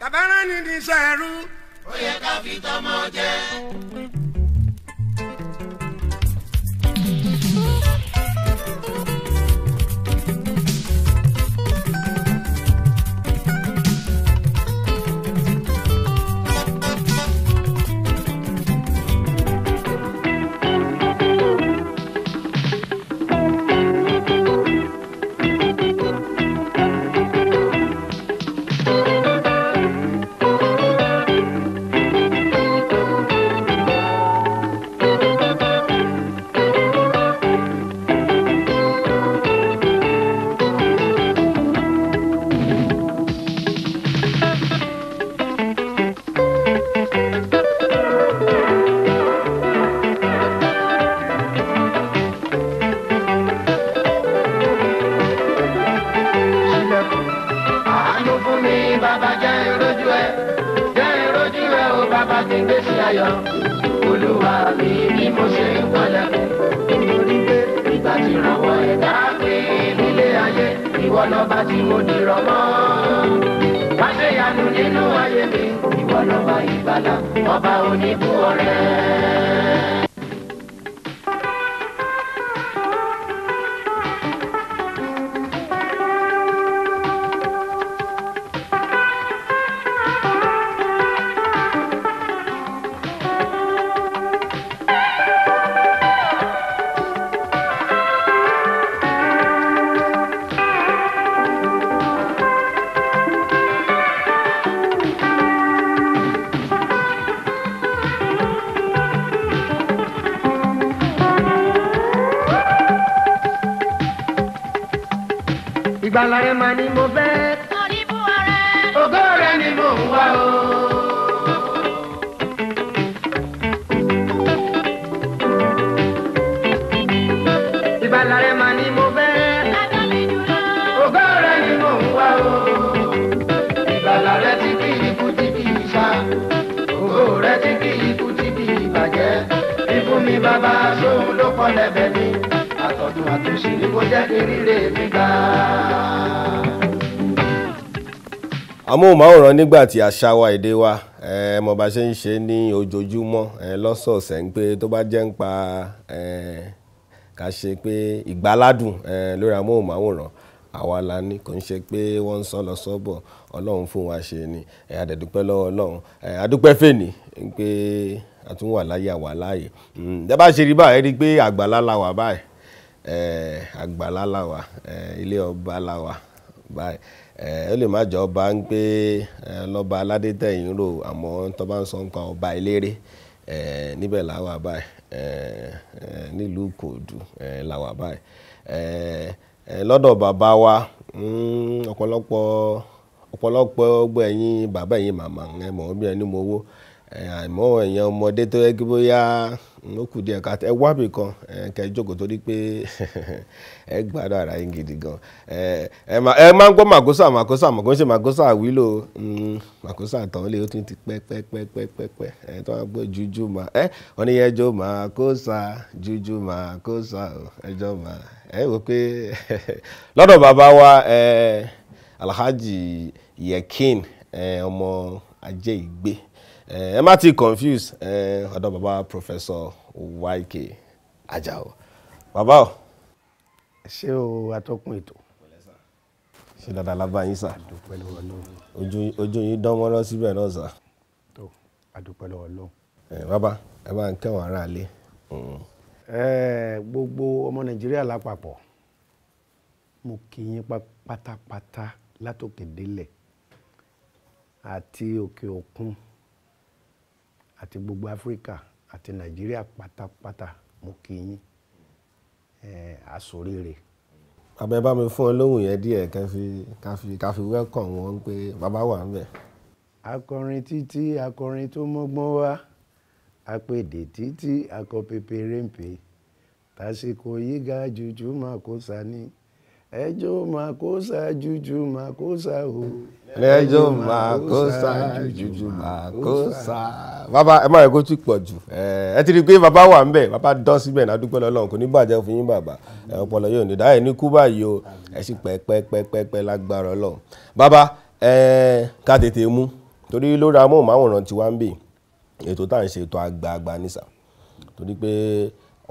tàbá ni ní sẹ́rú. ó yẹ ká fi tọmọ jẹ. ìgbàlà rẹ mà ni mo fẹ́. kọ́ríbù ọ̀rẹ́. ògo rẹ ni mò ń wá o. ìgbàlà rẹ mà ni mo fẹ́. mò ń wá o. ìgbàlà rẹ ti kì í kú mi bàbá sóhun ló àtúnṣe ni kò jẹ́ kí rírè mi gbà. amóhùnmáwòrán nígbà tí àṣà wa èdè wa ẹ mọ̀ bá ṣe ń ṣe ní ojoojúmọ́ ẹ lọ́sọ̀ọ̀sẹ̀ ń pé tó bá jẹ́ ń pa ẹ ká ṣe pé ìgbáládùn ẹ lórí amóhùnmáwòrán àwa la ní kò ń ṣe pé wọ́n ń sọ lọ sọ́bọ̀ ọlọ́run fún wa ṣe ni àdẹ̀dúpẹ́ lọ́wọ́ ọlọ́run àdúpẹ́ fèní pé a tún wà láyé àwa láàyè. ẹ ṣe rí báyìí rí i pé àgbàlá la wà báyìí Eh, àgbàlá làwà eh, ilé ọba làwà báyìí eh, ó lè má jọ ọba ń gbé lọ́ba aládé tẹ̀yìn rò àmọ́ tó bá ń sọ nípa ọba eléré níbẹ̀ làwà báyìí nílùú kòòdù làwà báyìí lọ́dọ̀ bàbá wa hmm, ọ̀pọ̀lọpọ̀ ọ̀pọ̀lọpọ̀ ọgbọ ẹ̀yin bàbá ẹ̀yin màmá ẹ mọ̀ bí ẹni mowó àìmọ̀ ẹ̀yin ọmọdé tó yẹ kí bóyá ó kù díẹ̀ ká ẹ wá mi kan kẹ ẹ jókòó torí pé ẹ gbádùn ara yín gidi gan ẹ máa ń gbọ́ màkósà màkósà màkó ṣe màkósà àwílò hmm, màkósà tán ó ti ti pẹ́ pẹ́ pẹ́ pẹ́ pẹ́ pẹ́ ẹ tó wá gbọ́ jújú mà ẹ wọ́n ní ẹjọ́ jújú ẹjọ́ ẹ wa Alhaji Yekin ọmọ ajé ìgbé. Eh, ẹ má ti confuse ẹ eh, ọ̀dọ̀ bàbá professor YK Ajao Baba. o. ṣé o atọ́kùn ètò. ṣé dada lábá yín sà. àdúpẹ́ lọ́wọ́ lọ́wọ́. ojú yín dán mọ́rán síbẹ̀ náà sà. tó àdúpẹ́ lọ́wọ́ lọ́wọ́. ẹ eh, bàbá ẹ bá ń kẹ́wọ̀n ara lé. ẹ hmm. gbogbo ọmọ nàìjíríà lápapọ̀ mo kí yín pátápátá látòkè délẹ̀ àti òkè òkun. Okay, àti gbogbo áfíríkà àti nàìjíríà pátápátá mo kí yín àsòrèrè. àbẹ bá mi fún ọ lóhùn yẹn díẹ̀ ká fi ká fi ká fi wẹkàn wọn pé bàbá wà ń bẹ. akọrin títí akọrin tó mọ́gbọ́n wá apèdè títí akọ pépé rèmpé tásìkò yíga jùjú máa kó sani ẹjọ́ máa kó sa jújú máa kó sa o. ẹjọ́ máa kó sa jújú máa kó sa. bàbá ẹ má yẹ kó tún pọ̀ jù ẹ ti rí i pé bàbá wà ń bẹ̀ bàbá dán síbẹ̀ náà dúpẹ́ lọ́lọ́run kò ní bàjẹ́ fún yín bàbá ọpọlọ yóò ní dáhẹ́ ní kú báyìí o ẹ sì pẹ́ lágbára ọlọ́run. bàbá ẹ ká tètè mú torí lórí amóhùnmáwòrán tiwa ń bì ètò tá à ń ṣe ètò àgbààgbà nísà torí pé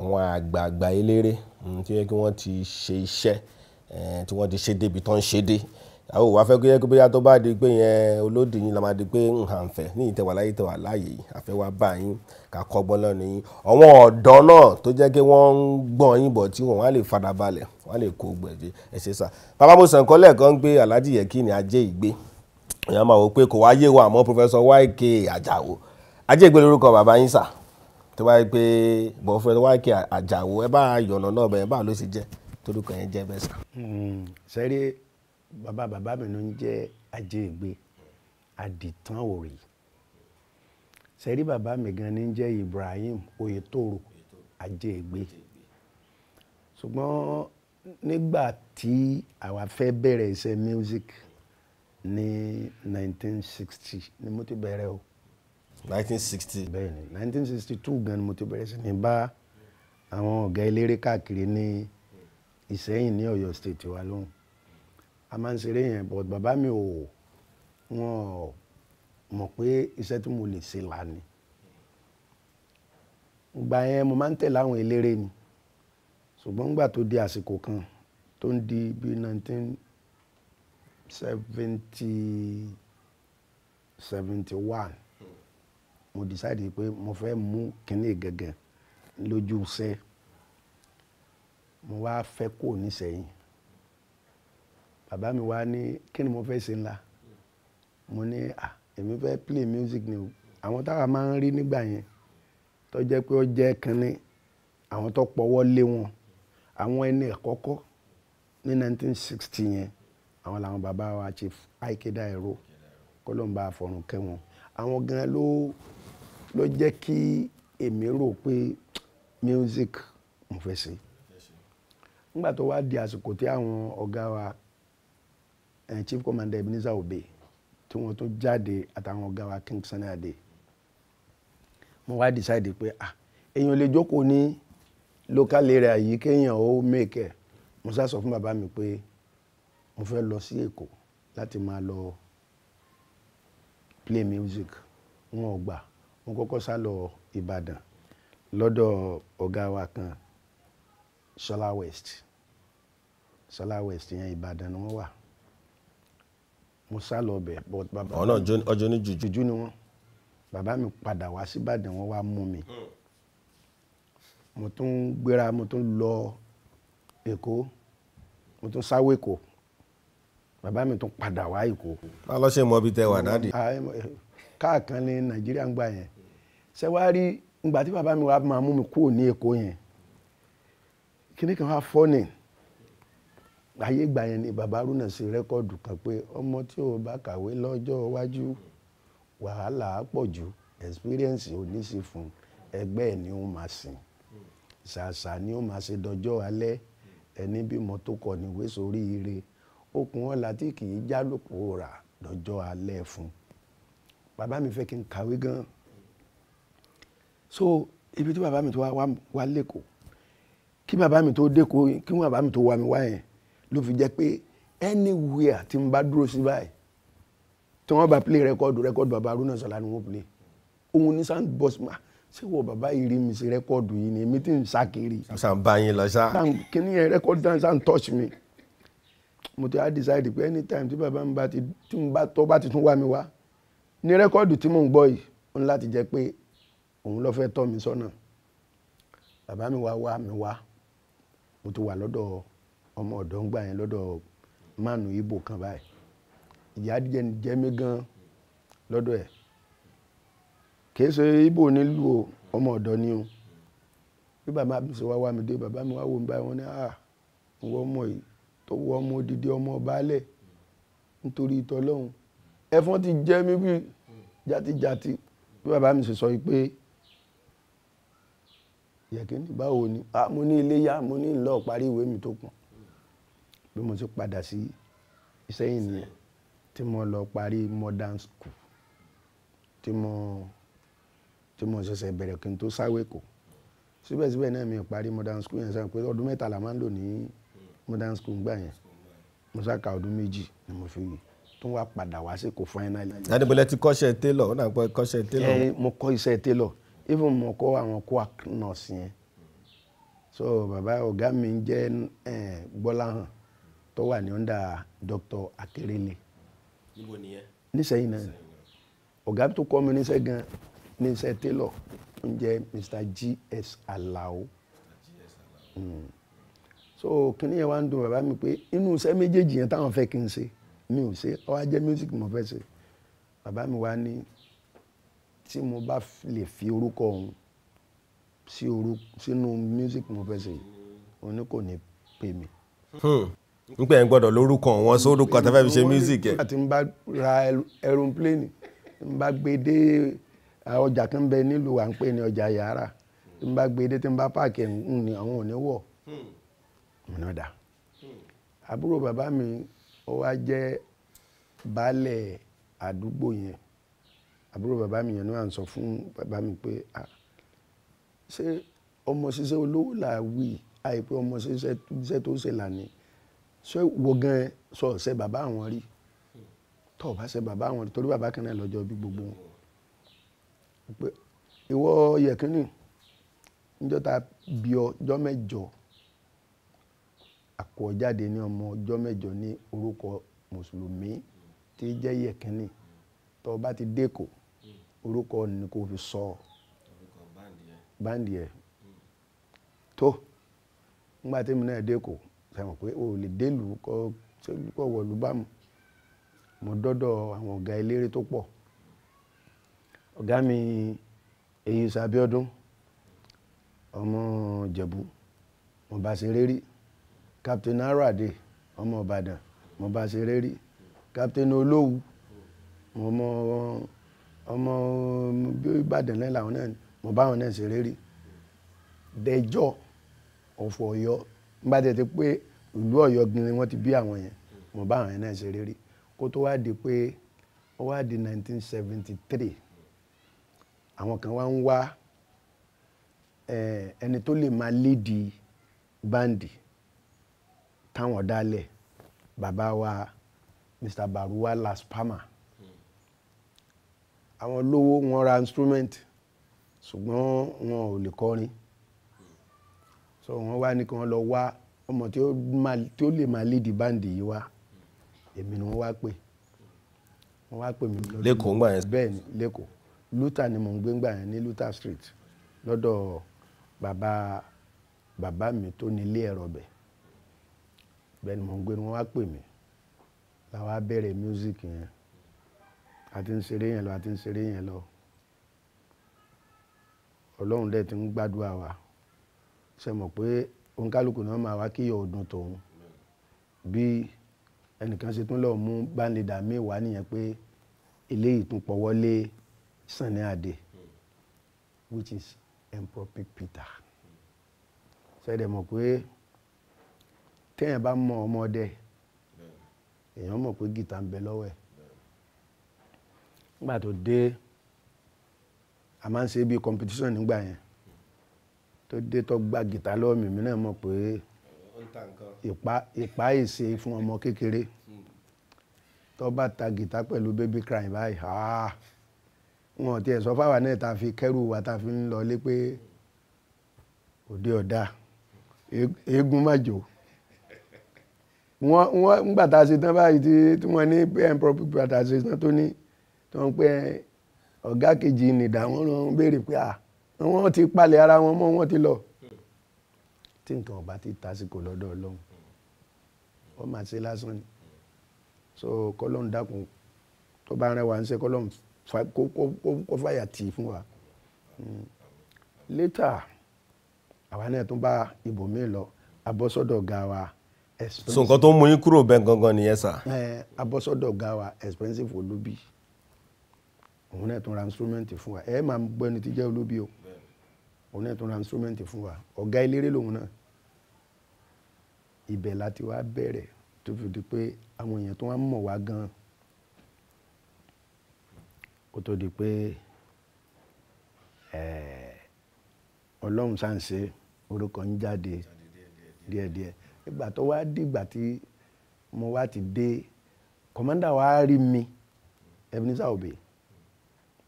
àwọn àgbààgbà eléré tí wọ́n ti ṣe iṣẹ́ Eh, tí wọ́n ti ṣe dé ibi tó ń ṣe dé àwọn òwò afẹ́kọ́ yẹ kó bóyá tó bá di pé yẹn olódì yín la máa di pé ń hàn fẹ́ ní ìtẹ̀wà láyé tẹ̀wà láàyè àfẹ́ wa bá yín ká kọ́gbọ́n lọ́nà yín àwọn ọ̀dọ́ náà tó jẹ́ pé wọ́n ń gbọ́n yín bọ̀ tí wọ́n á lè fara balẹ̀ wọ́n á lè kó gbẹ̀dẹ̀ ẹ ṣe sà. bàbá mo sàn kọ́lẹ̀ kan pé Alhaji Yekini ajé ìgbé èèyàn máa wò pé kò wá yé wa àmọ́ Professor YK Àjàó ajé ìgbé lórúkọ bàbá yín sà tó wáyé pé bọ̀ fẹ́ YK Àjàó ẹ bá yọ̀nà náà bẹ̀ ẹ bá ló ṣe jẹ́ torúkọ yẹn jẹ́ bẹ́sà. sẹ́rí hmm, bàbá bàbá mi ló ń jẹ́ ajé ìgbé òrì sẹ́rí bàbá mi gan ni ń jẹ́ Ibrahim Oyetoro ajé ìgbé ṣùgbọ́n nígbà tí àwa fẹ́ bẹ̀rẹ̀ iṣẹ́ music ní 1960 ni mo ti bẹ̀rẹ̀ o. 1960. bẹ́ẹ̀ni 1962 gan ni mo ti bẹ̀rẹ̀ sí ní bá àwọn ọ̀gá eléré káàkiri ní. Ni Ìsẹ́yìn ní Ọ̀yọ́ state wa lóhùn a máa ń ṣeré yẹn but bàbá mi ò wọn ò mọ̀ pé iṣẹ́ tí mo lè ṣe là ni ìgbà yẹn mo máa ń tẹ̀lé àwọn eléré ni ṣùgbọ́n nígbà tó di àsìkò kan tó ń di bí nineteen seventy seventy one mo decide pé mo fẹ́ mú kínní gẹ́gẹ́ lójú iṣẹ́ mo wá fẹ́ kó nísẹ̀yìn bàbá mi wá ní kí ni mo fẹ́ ṣe ńlá mo ní à èmi fẹ́ play music ni o àwọn táwa máa ń rí nígbà yẹn tó jẹ́ pé ó jẹ́ kínní àwọn tó pọwọ́ lé wọn àwọn ẹni àkọ́kọ́ ní 1960 yẹn àwọn làwọn bàbá wa Chief Ike Dairo kọlọ́mbà àfọ̀rùn kẹwọn àwọn gan ló ló jẹ́ kí èmi rò pé music mo fẹ́ ṣe nígbà tó wá di àsìkò tí àwọn ọ̀gá wa eh, chief commander Ebenezer Obey tí wọ́n tó jáde àtàwọn ọ̀gá wa King Sunny Adé mo wá decide pé ah èèyàn lè jókòó ní local area yìí kéèyàn ó make ẹ̀ mo sá sọ fún bàbá mi pé mo fẹ́ lọ sí Èkó láti máa lọ play music wọn ò gbà mo kọ́kọ́ sá lọ Ìbàdàn lọ́dọ̀ ọ̀gá wa kan Ṣọlá West. Solar West yẹn Ìbàdàn ni wọ́n wà mo sá lọ bẹ̀ but bàbá mi ọ̀nà ọjọ́ ní jùjú jùjú ni wọ́n bàbá mi padà wá síbàdàn wọ́n wá mú mi hmm. mo tún gbéra mo tún lọ Èkó mo tún sáwó Èkó bàbá mi tún padà wá Èkó. báwo ló ṣe mọ ibi tẹ wà dáàdì. káàkan ní Nàìjíríà ń gbà yẹn ṣé wàá rí ìgbà tí bàbá mi wá máa mú mi kúrò ní Èkó yẹn kíní kan wá fọ́ nìyẹn ayé ìgbà yẹn ni bàbá Haruna ṣe rẹ́kọ̀dù kan pé ọmọ tí o bá kàwé lọ́jọ́ iwájú wàhálà á pọ̀ jù experience ò ní fún ẹgbẹ́ ẹ̀ ni ó máa sìn ṣàṣà ni ó máa ṣe dọjọ́ alẹ́ ẹni bímọ tó kọ níwé sórí ire okùn ọ̀la tí kì í jálòpọ̀ rà dọjọ́ alẹ́ fún bàbá mi fẹ́ kí n kàwé gan so ibi tí bàbá mi tó wá wá lẹ́kọ̀ọ́ kí bàbá mi tó dẹ́kọ̀ọ́ kí wọ́n bàbá mi tó wá mi wá yẹn ló fi jẹ́ pé anywhere tí n bá dúró sí báyìí tí wọ́n bá play record record bàbá Arúnà Ṣọlá ni wọ́n play òun ní sound box ma ṣé wọ bàbá yìí rí mi sí record yìí ni èmi tí ń sá kiri. sàn bá yín lọ sá. kíní yẹn record dance and touch me mo ti á decide pé anytime tí bàbá mi bá ti tí mo bá tọ́ bá ti tún wá mi wá ní rẹ́kọ́ọ̀dù tí mò ń gbọ́ yìí ó ní láti jẹ́ pé òun ló fẹ́ tọ́ mi sọ́nà bàbá mi wá wá mi wá mo ti wà lọ́dọ̀ ọmọ ọ̀dọ́ ń gbà yẹn lọ́dọ̀ mánu ibo kan báyìí ìyá jẹ gan lọ́dọ̀ ẹ̀ kìí ṣe ibo nílùú o ọmọ ọ̀dọ́ ni o bí bàbá mi ṣe wá wá mi dé bàbá mi wá wò mí báyìí wọ́n ní à wọ́n ọmọ yìí tó wọ ọmọ odidi ọmọ baálẹ̀ nítorí ìtọ́lọ́hún ẹ̀fọn ti jẹ mí bí jàtijàti bí bàbá mi ṣe sọ yìí pé yẹ̀kí ni báwo ni mo ní iléyà mo ní ìlọ parí ìwé mi tó kàn bí mo ti padà sí Ìṣẹ́yìn nìyẹn tí mo lọ parí modern school tí mo tí mo ṣẹ̀ṣẹ̀ bẹ̀rẹ̀ kí n tó sáwé kò síbẹ̀síbẹ̀ náà mi ò parí modern school yẹn sáà pé ọdún mẹ́ta la máa ń lò ní modern school gbà yẹn mo ṣàkà ọdún méjì ni mo fi tún wá padà wá sí kò finally. adébọlẹ ti kọ́ṣẹ́ tailor ó náà kọ́ kọ́ṣẹ́ tailor. ẹ mo kọ́ iṣẹ́ tailor even mo kọ́ àwọn quack nurse yẹn so bàbá ọ̀gá mi ń jẹ́ bọ́láhàn tó wà ní ọ́ndà Dr. Akérèlé. níbo nìyẹn. nísẹ̀yìn náà ọ̀gá tó kọ́ mi níṣẹ́ gan níṣẹ́ tailor ń jẹ́ Mr. G.S. Alao. Mm. so kíní yẹn wá ń dùn bàbá mi pé inú iṣẹ́ méjèèjì yẹn táwọn fẹ́ kí n ṣe mi ò ṣe ó wá jẹ́ music mo fẹ́ ṣe bàbá mi wá ní tí mo bá lè fi orúkọ òun sí orú sínú music mo fẹ́ ṣe òun ni kò ní pè mí. Hmm nígbà yẹn gbọ́dọ̀ lórúkọ wọn sórúkọ tẹ́fẹ́ fi ṣe music ẹ̀. àti n bá ra aeroplane n bá gbé dé ọjà kan bẹ nílùú à ń pè ní ọjà yàrá n bá gbé dé tí n bá páàkì ní àwọn òní wọ̀ mìíràn dà. àbúrò bàbá mi ó wá jẹ́ baálẹ̀ àdúgbò yẹn àbúrò bàbá mi yẹn ni wọ́n sọ fún bàbá mi pé ṣé ọmọ ṣiṣẹ́ olówó là àìpé ọmọ ṣiṣẹ́ tó ṣe là ṣé wo gan sọ ọ̀sẹ̀ bàbá àwọn rí tọ́ bá ṣe bàbá àwọn rí torí bàbá kan náà lọ́jọ́ bí gbogbo wọn pé ìwọ yẹ̀kínní níjọ́ ta bí ọjọ́ mẹ́jọ àkọ́ jáde ní ọmọ ọjọ́ mẹ́jọ ní orúkọ mùsùlùmí tí jẹ́ yẹ̀kínní tọ́ bá ti dẹ́kọ̀ orúkọ ni kò fi sọ báńdì ẹ̀ tó ńgbà tèmi náà dẹ́kọ̀ọ́ tẹ̀wọ̀n pé o lè délùú kọ́ wọ̀lú bámu mo dọ́dọ̀ àwọn ọ̀gá eléré tó pọ̀ ọ̀gá mi èyí sàbíọ́dún ọmọ jẹ̀bú mo bá ṣeré rí captain arade ọmọ ìbàdàn mo bá ṣeré rí captain olówu ọmọ ọmọ ìbàdàn náà làwọn náà mo bá wọn náà ṣeré rí dẹjọ́ ọ̀fọ̀ ọ̀yọ́ nígbà tí ẹ ti pé ìlú Ọ̀yọ́ gan ni wọ́n ti bí àwọn yẹn mo bá àwọn yẹn náà ṣe rere kó tó wá di pé ó wá di 1973 àwọn kan wá ń wá ẹni tó lè máa lédi báǹdì táwọn dálẹ̀ bàbá wa Mr. Baruwa Las Palma àwọn olówó wọn ra instrument ṣùgbọ́n wọn ò lè kọrin so wọ́n wá ní kí wọ́n lọ wá ọmọ tí ó lè máa lédi báǹdì yìí wá èmi ni wọ́n wá pè wọ́n wá pè mí lọ́dún lẹ́kọ̀ọ́ ńgbà yẹn bẹ́ẹ̀ ni lẹ́kọ̀ọ́ luther ni mò ń gbé ńgbà yẹn ní luther street lọ́dọ̀ bàbá bàbá mi tó ní ilé ẹ̀rọ bẹ̀ bẹ́ẹ̀ ni mò ń gbé ni wọ́n wá pè mí làwọn á music yẹn àti ń ṣeré yẹn lọ àti ń ṣeré yẹn lọ ọlọ́run dẹ̀ ti ń gbàdúrà wa ṣe mọ̀ pé oníkálukú náà máa wá kíyọ̀ ọdún tòun bí ẹnìkan ṣe tún lọ mú bánidà míì wá nìyẹn pé eléyìí tún pọwọ́ lé Sànní Adé which is improper Peter ṣẹ̀dẹ̀ mọ̀ pé téèyàn bá mọ ọmọdé èèyàn mọ̀ pé gìtá ń bẹ lọ́wọ́ ẹ̀ nígbà tó dé a máa ń ṣe bí competition nígbà yẹn tó dé tó gba gìtá lọ́wọ́ mi mi náà mọ̀ pé ìpá ìṣe fún ọmọ kékeré tó bá ta gìtá pẹ̀lú baby crying báyìí ah, wọn ò tiẹ̀ sọ fáwa náà ta fi kẹ́rù wa ta fi ń lọlé pé òde ọ̀dà eégún má jò wọ́n wọ́n ńgbà tá a ṣe tán báyìí tí wọ́n ní pé ẹ̀ ń pọ̀ pípa tá a ṣe tán tó ní tó ń pẹ́ ọ̀gá kejì nìdá wọ́n lọ ń béèrè pé à. Ah, wọ́n ti palẹ̀ ara wọn mọ́ wọ́n ti lọ tí nǹkan ọba ti tásìkò lọ́dọ̀ ọlọ́run ó máa ṣe lásán ni so kọ́lọ́n dákun tó bá rẹwà ń ṣe kọ́lọ́n kó fàyà tì í fún wa hmm. létà àwa náà tún bá ibòmí lọ abọ́sọ́dọ̀ ga wa expensive. so nǹkan tó mú yín kúrò bẹ́ẹ̀ gangan nìyẹn sà. abọ́sọ́dọ̀ ga wa expensive olúbi òun náà tún ra instrument fún wa ẹ máa gbọ́ ẹni tí jẹ́ olúbi o òun náà tún ra instrument fún wa ọ̀gá eléré lòun náà ibẹ̀ láti wá bẹ̀rẹ̀ tó fi di pé àwọn èèyàn tó wá mọ̀ wá gan kó tó di pé eh, ọlọ́run ṣàǹṣe orúkọ ń jáde díẹ̀díẹ̀ ìgbà tó wá dìgbà tí mo wá ti dé kọ̀mọ́ndà wa rí mi Ebenezer Obey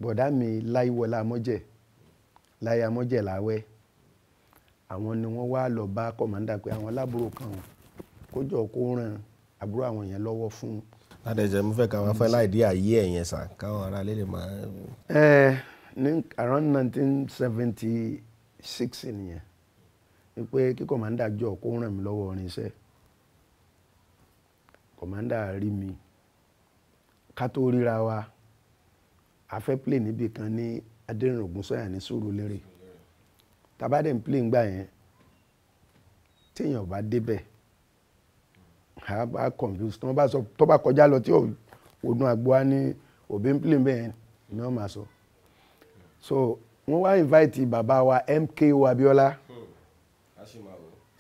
bọ̀dá mi Láyíwọlá Amọ́jẹ́ láyé amọ́jẹ̀láwẹ́ àwọn ni wọ́n wá lọ bá kọ̀mọ́ndà pé àwọn aláàbúrò kan kójọ kó ràn àbúrò àwọn yẹn lọ́wọ́ fún. adẹ̀jẹ̀ mo fẹ́ ká wá fẹ́ láìdí àyè ẹ̀ yẹn sà káwọn ará lè máa. ẹ ní around nineteen seventy six nìyẹn ni pé kí kọ̀mọ́ndà jọ kó ràn mí lọ́wọ́ orin iṣẹ́ kọ̀mọ́ndà rí mi ká tó ríra wa a fẹ́ play níbì kan ní adẹ́rìn ògúnsọ́yà ní sùúrù lérè tabadẹ̀ ń plé ngbà yẹn téèyàn bá débẹ̀ a bá confuse tí wọ́n bá sọ tó bá kọjá lọ tí òdun àgbo á ní òbí ń plé bẹ́ẹ̀ ni wọ́n máa sọ so wọ́n wá invite bàbá wa MK Abiola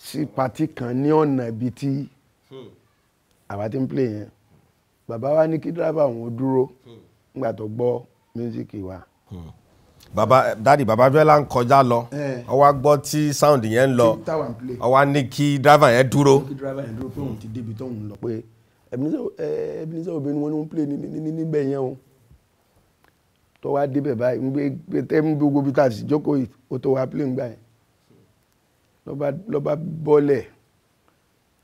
sí pati kan ní ọ̀nà ibi tí àwa ti ń plé yẹn bàbá wa ní kí dírábà wọn dúró nígbà tó gbọ́ mísíkì wa. Hmm baba dadi baba Fẹlá ń kọjá lọ eh. ó wá gbọ́ tí sound yẹn ń lọ ó wá ní driver yẹn dúró. kí driver yẹn dúró pé òun ti débi tó ń lọ pé eh, Ebenezer Obey ni wọ́n ní wọ́n ń play níbẹ̀ yẹn o tó wá débẹ̀ báyìí ń gbé tẹ́ ń gbogbo bí tàbí jókòó yìí ó tó wá play ń gbà yẹn lọ́ba bọ́lẹ̀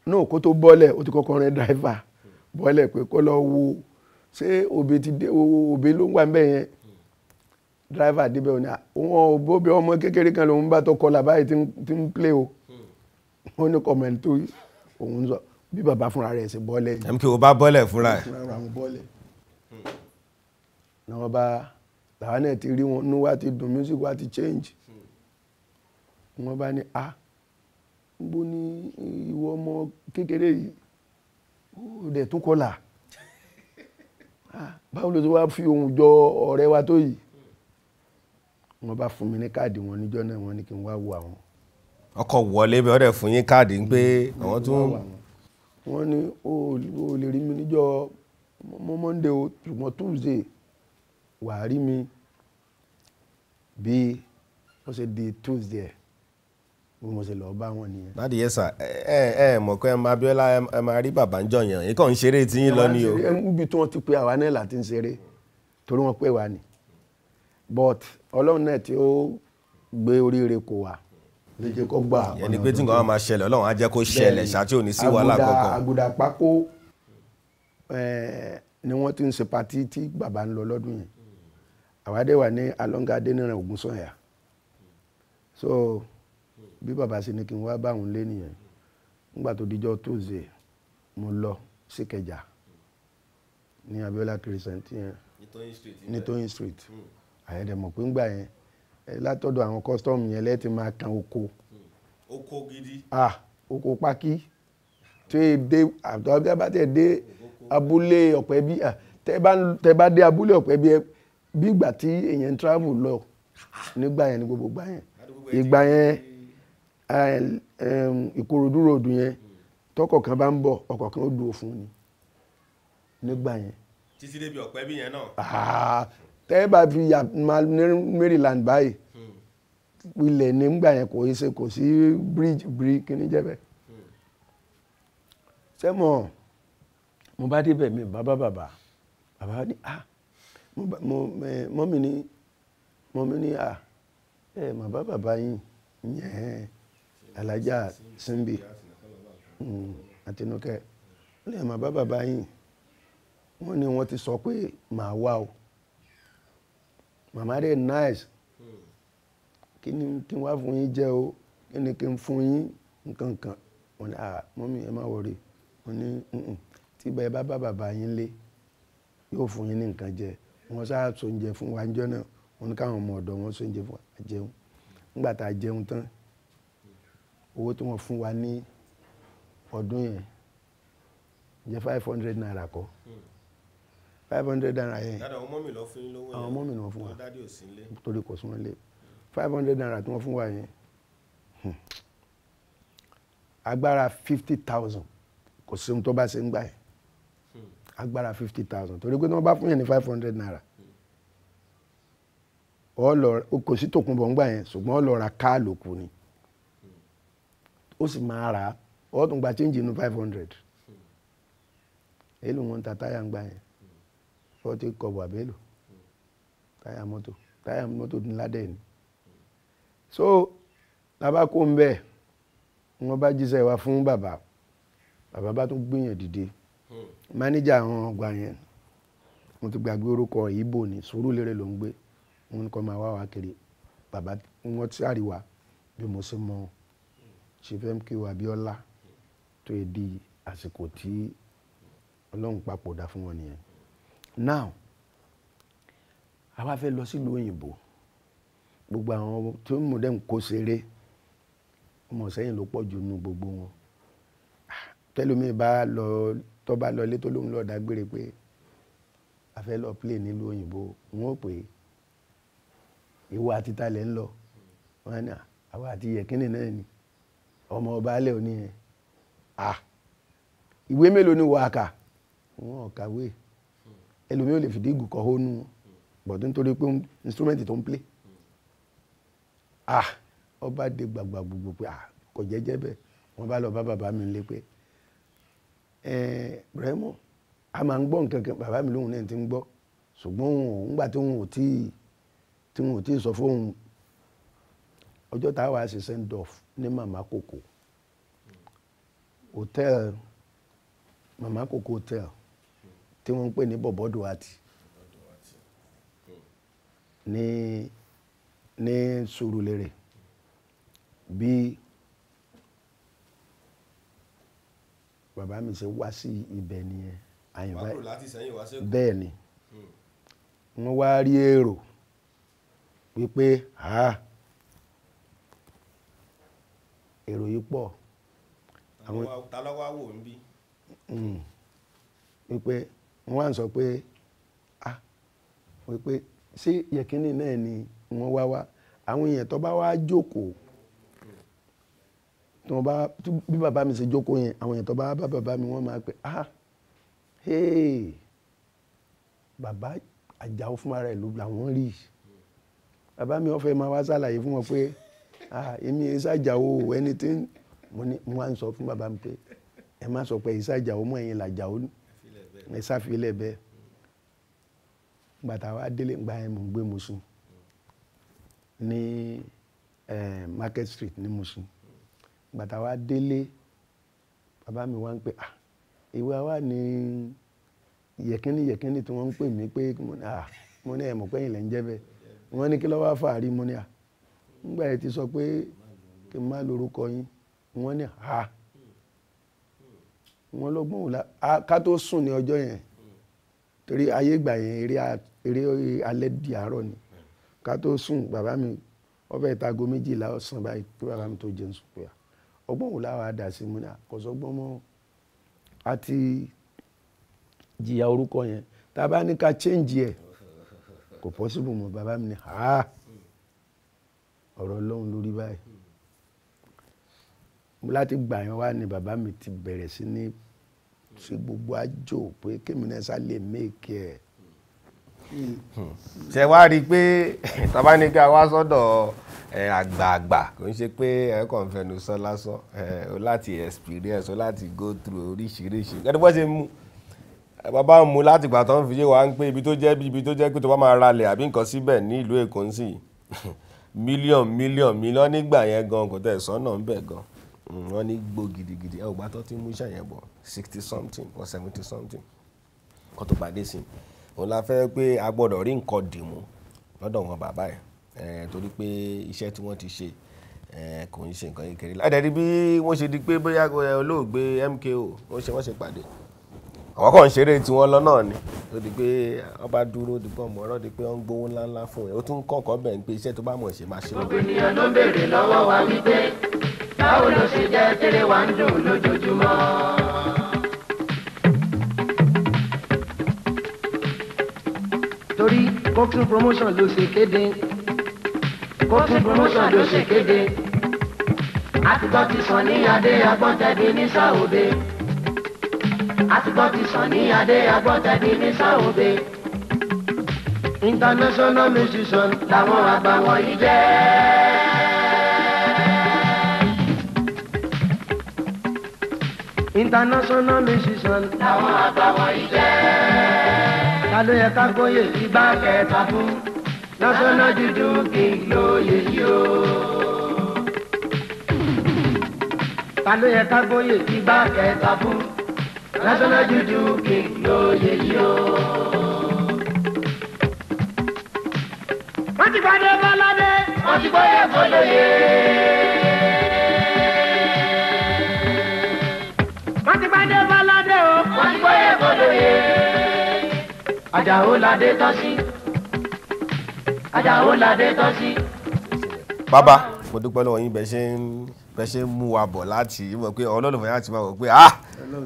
náà kó tó bọ́lẹ̀ ó ti kọ́kọ́ rẹ driver bọ́lẹ̀ pé kó lọ wo ṣé Obey ti dé Obey ló ń wà ń yẹn driver débẹ̀ ò ní wọn ò bóbi ọmọ kékeré kan lòun bá tó kọlà báyìí ti ń play o hmm. wọn ní kọmẹ̀ntì òun sọ bí bàbá fúnra rẹ̀ ṣe bọ́lẹ̀. mp o bá bọ́lẹ̀ fúnra ẹ̀. fúnra àwọn bọ́lẹ̀. làwọn hmm. bá làwọn náà ti rí wọn nú wá ti dùn music wá ti change. Hmm. wọn bá ní a gbó ní ìwọ ọmọ kékeré yìí ó dẹ̀ tún kọlà báwo ló ti wá fi ohun jọ ọ̀rẹ́ wa tó yìí wọ́n bá fún mi ní káàdì wọn níjọ́ náà wọ́n ní kí n wá wo àwọn. ọkọ̀ wọlé bí wọ́n dẹ̀ fún yín káàdì pé àwọn tó ń. ní o lè rí mi níjọ́ Monday o ṣùgbọ́n Tuesday wàá rí mi bí wọ́n ṣe di Tuesday bí mo ṣe lọ bá wọn nìyẹn. láti yẹ sà ẹ ẹ mọ̀ pé ẹ máa Abíọ́lá ẹ máa rí bàbá ń jọyàn yìí kàn ń ṣeré tí yín lọ ni o. ibi tí wọ́n ti pe àwa náà láti ń ṣeré torí wọ́n pè wá ni but ọlọ́run náà tí ó gbé oríire kò wá lè jẹ́ kó gbà. ẹni pé tí nǹkan máa ṣẹlẹ̀ ọlọ́run á jẹ́ kó ṣẹlẹ̀ ṣáàtì ò ní sí wàhálà kankan. àgùdà pákó ni wọ́n ti ń ṣe patí tí bàbá ń lọ lọ́dún yìí àwádé wà ní alonga adéníran ògúnsànyà so bí bàbá ṣe ní kí n wá bá òun lé nìyẹn nígbà tó dijọ́ tóze mo lọ sí kẹjà ní abiola christian ní tóyìn street àyẹ̀dẹ̀ mọ̀ pé ń gbà yẹn látọ̀dọ̀ àwọn custom yẹn lẹ́ẹ̀tì máa kan oko. oko gidi. ah oko pákí tó e dé àtọ́jú bá tẹ̀ dé abúlé ọ̀pẹ bí tẹ bá dé abúlé ọ̀pẹ bí bí ìgbà tí èèyàn ń travel lọ nígbà yẹn ní gbogbo ìgbà yẹn ìgbà yẹn ìkòròdú ròdù yẹn tọkọ̀ kan bá ń bọ̀ ọkọ̀ kan ó dúró fún ni nígbà yẹn. títí débi ọ̀pẹ bí yẹn náà tẹ́ bá fi yà máa Maryland báyìí ilẹ̀ nígbà yẹn kò ṣe kò sí bridge bridge kìíní jẹ́ bẹ́ẹ̀ sẹ́mọ̀ mo bá débẹ̀ mi bàbá bàbá bàbá ní ah mọ́mí ní mọ́mí ní ah ẹ bàbá bàbá yín yẹn alájà Simbi mm, Àtinúkẹ́ ó lè bàbá bàbá yín wọ́n ní wọ́n ti sọ pé màá wá o màmá rẹ̀ nice kí ni kí n wá fún yín jẹ o kí ni kí n fún yín nǹkan kan wọn ni ah mọ́mí ẹ má wọrí wọn ní tí bẹ́ẹ̀ bá bá bàbá yín lé yóò fún yín ní nǹkan jẹ wọn sáà so oúnjẹ fún wa níjọ́ náà wọn ní káwọn ọmọ ọ̀dọ̀ wọn so oúnjẹ fún wa jẹun nígbà tá a jẹun tán owó tí wọ́n fún wa ní ọdún yẹn jẹ́ five hundred naira kọ́ five hundred naira yẹn. dada ọmọ mi lọ fún yín lówó yẹn àwọn fún wa torí five hundred naira tí wọ́n fún wa yẹn hmm. agbára fifty thousand kò sí ohun tó bá ṣe ń gbà yẹn hmm. agbára fifty thousand torí pé tí bá five hundred naira ọ hmm. lọ kò sí tòkunbọ̀ ń gbà yẹn ṣùgbọ́n ọ ni ó sì máa ọ tún gba five hundred ó ti kọ bàbélò táyà mọ́tò táyà mọ́tò ńládẹ́ ni so labá kó ń bẹ́ẹ̀ wọ́n bá jíṣẹ́ wa fún bàbá bàbá bá tún gbìyàn dìde mánéjà àwọn ọgbà yẹn mo ti gbàgbé orúkọ ìbò ní Sùúrùlérè ló ń gbé wọn ní kọ́ máa wá wá kiri bàbá wọn ti àríwá bí mo ṣe mọ Chief MK Abíọ́lá tó yẹ di àsìkò tí Ọlọ́run papòdà fún wọn nìyẹn now àwa fẹ́ lọ sílùú òyìnbó gbogbo àwọn tó ń mú dẹ́n kó seré ọmọ sẹ́yìn ló pọ̀ jù nù gbogbo wọn tẹ́lómi bá lọ tó bá lọ ilé tó lóun lọ dágbére pé a fẹ́ lọ play nílùú òyìnbó wọn ò pè é ìwọ àti talẹ̀ ń lọ wọn ni àwa àti yẹ̀kínì náà ni ọmọ ọba alẹ́ òní yẹn à ìwé mélòó ni wàá kà wọn kàwé ẹlòmíì ò lè fìdí ìgùkọ̀ hónú bọ̀ tó ń torí pé instrument tó ń play ah ọba de gbàgbà gbogbo pé ah kò jẹ́jẹ́ bẹ́ẹ̀ wọ́n bá lọ bá bàbá mi lé pé ẹ rẹ́mọ̀ a máa ń gbọ́ nǹkan kan bàbá mi lóhùn náà ti ń gbọ́ ṣùgbọ́n òun gbà tí òun ò tí tí òun ò tí sọ fóun ọjọ́ tá a wá sí send off ní màmá kòkó hotel màmá kòkó hotel tí wọ́n ń pè ní bọ̀bọ́ Duarte ní ní Sùúrùlérè bí bàbá mi ṣe wá sí ibẹ̀ nìyẹn bẹ́ẹ̀ ni wọ́n wá rí èrò wípé ha èrò yìí pọ̀. ta ló wá wò ń bí. Hmm, wípé wọ́n wá ń sọ pé ah wípé ṣé yẹkínní náà ni wọ́n wá wá àwọn èèyàn tó bá wá jókòó tí wọ́n bá bí bàbá mi ṣe jókòó yẹn àwọn èèyàn tó bá bá bàbá mi wọ́n máa pè ah hey bàbá àjàó fúnra rẹ̀ ló làwọn rí bàbá mi wọ́n fẹ́ máa wá ṣàlàyé fún wọn pé ah èmi ìṣàjàó e anything mo wá ń sọ fún bàbá mi pé ẹ má sọ pé ìṣàjàó mọ́ ẹ̀yin làjàó ni ẹ sáfilẹ̀ bẹ́ẹ̀ gbàtà wa délé gba ẹ̀ mò gbé Mùsùn ní Market Street ní Mùsùn gbàtà wa délé bàbá mi wá ń pè ah ìwé wa ni yẹ̀kínní yẹ̀kínní tí wọ́n ń pè mí pé ah mo ní ẹ̀ mọ̀ pé ìlẹ̀ ń jẹ́ bẹ́ẹ̀ wọ́n ní kí ló wá mo ní à ah, ńgbà ẹ ti sọ pé kí n má lorúkọ yín wọ́n ní à. Ah, wọn lọ́gbọ́n òun ká tó sùn ní ọjọ́ yẹn torí ayé ìgbà yẹn eré alẹ́ di àárọ̀ ni ká tó sùn bàbá mi ọbẹ̀ ìtago méjìlá ọ̀sán báyìí kí bàbá mi tó jẹun sùn pé ọgbọ́n òun làwọn adà sí mu ní àkọsọ́gbọ́n mọ́ àti jìyà orúkọ yẹn tá a bá ní ká chẹ́ǹjì ẹ̀ kò pọ́sibù mọ́ bàbá mi ní ha ọ̀rọ̀ ọlọ́run lórí báyìí láti gbà yẹn wá ni bàbá mi ti bẹ̀rẹ̀ sí ní ṣe gbogbo àjò pé kémi náà sá lè méèkì ẹ̀. Hmm. ṣe wá rí i pé tabaníkà wá sọ́dọ̀ àgbààgbà kò ń ṣe pé ẹ̀kọ́ ń fẹnu sọ lásán o láti experience o láti go through oríṣiríṣi gẹ́gẹ́ bó ṣe mú bàbá mu láti gbà tó fi yé wa ń pé ibi tó jẹ́ bí ibi tó jẹ́ pé tó bá máa ralẹ̀ àbí nǹkan síbẹ̀ ní ìlú Èkó ń sìn mílíọ̀n mílíọ̀n mílíọ̀n nígbà yẹn gan kò tẹ̀ sọ́nà ń bẹ̀ gan Mm, wọ́n ní gbó gidigidi ẹ ò gbà tó ti mú iṣẹ́ yẹn bọ̀ sixty something or seventy something kó tó bá dé sí òun la fẹ́ pé a gbọ́dọ̀ rí nǹkan dìmú lọ́dọ̀ wọn bàbá ẹ̀ torí pé iṣẹ́ tí wọ́n ti ṣe kò ń ṣe nǹkan kékeré láti ẹni bí wọ́n ṣe di pé bóyá olóògbé MKO wọ́n ṣe wọ́n ṣe pàdé àwọn kan ń ṣeré tiwọn lọ náà ni ó di pé wọ́n bá dúró di pọ̀ mọ́ ọ̀rọ̀ di pé wọ́n ń gbowó ńláńlá fún ẹ̀ ó tún kọ̀ọ̀kan bẹ̀ ń pé iṣẹ́ tó bá mọ̀ ṣe máa ṣe. obìnrin ló ń béèrè lọ́wọ́ wa wípé báwo ló ṣe jẹ́ tẹ́lẹ̀ wá ń dùn lójoojúmọ́. torí coking promotion ló ṣe kéde coking promotion ló ṣe kéde àtìgbọ́ ti sàn ní adé agbọ́ntẹ́bí ní sàòde àtìgbọ́ ti sàn ní adé agbọ́ntẹ́bí ní sàòde international musician làwọn àgbà wọ̀nyí jẹ́. international musician. làwọn àgbà wọ̀nyí jẹ́. ta ló yẹ ká gbóyè ìgbà kẹta fún. national juju king lóye yìí o. ta ló yẹ ká gbóyè ìgbà kẹta fún. national juju king lóye yìí o. wọ́n ti gbọ́dọ̀ bọ́lá dé. wọ́n ti gbọ́dọ̀ bọ́lá Àjàó ládé tọ́ sí. Àjàó ládé tọ́ sí. bàbá mo dúpẹ́ lọ́wọ́ yín bẹ́ẹ̀ ṣe ń bẹ́ẹ̀ ṣe ń mú wa bọ̀ láti mọ̀ pé ọlọ́lùfẹ́ yàtì máa wọ̀ pé ah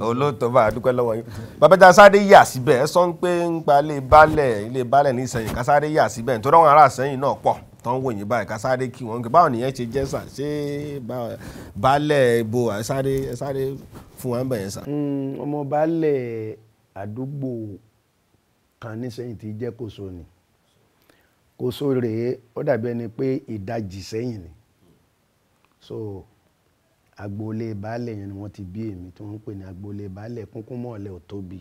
olóòótọ́ bá a dúpẹ́ lọ́wọ́ yín bàbájá sáré yà síbẹ̀ ẹ sọ pé ń pa ilé balẹ̀ ilé balẹ̀ ní Ìsẹ̀yìn ká sáré yà síbẹ̀ nítorí àwọn ará Ìsẹ̀yìn náà pọ̀ tó ń wò yín báyìí ká sáré kí wọn kí báwọn nìyẹn ṣe jẹ́ sà ṣé balẹ̀ ibo sáré sáré fún wa ń bẹ̀yẹn sà. Hmm, ọmọ balẹ̀ àdúgbò kan nísẹ̀yìn tí jẹ́ Kòso ni Kòso rèé ó dàbí ẹni pé ìdajì sẹ́yìn ni so agboolé baálẹ̀ yẹn ni wọ́n ti bí èmi tí wọ́n ń pè ní agboolé baálẹ̀ kúnkúnmọ́ọ̀lẹ̀ ò tóbi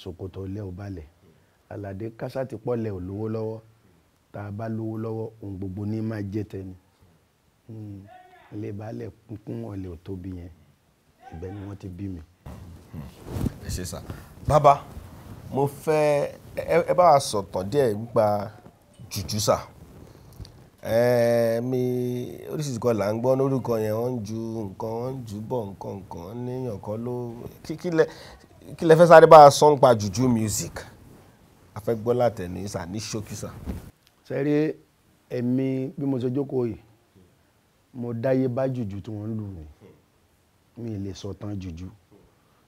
ṣòkòtò ọ̀lẹ́ ò balẹ̀ aládé kásátì pọ̀lẹ̀ ò lówó lọ́wọ́ tá a bá lówó lọ́wọ́ ohun gbogbo ní máa jẹ́ tẹni hmm, ilé baálẹ̀ kúnkúnmọ́ọ̀lẹ̀ ò tóbi yẹn ibẹ̀ wọ́n ti bí mi. Hmm, ẹ ṣe sá bàbá mo fẹ́ ẹ bá wa sọ̀tàn díẹ̀ nípa jùjú sà mi oríṣiríṣi kan là ń gbọ́ lórúkọ yẹn wọ́n ń ju nǹkan wọ́n ń jù bọ̀ nǹkan nǹkan níyàn kan ló kí lẹ fẹ́ sáré bá a sọ ń pa jùjú music afẹ́gbọ́ látẹ̀nu sà ní ṣókí sà. sẹ́rí ẹ̀mí bí mo ṣe jókòó yìí mo dáyé bá jùjú tí wọ́n ń lù mí mi lè sọ tán jùjú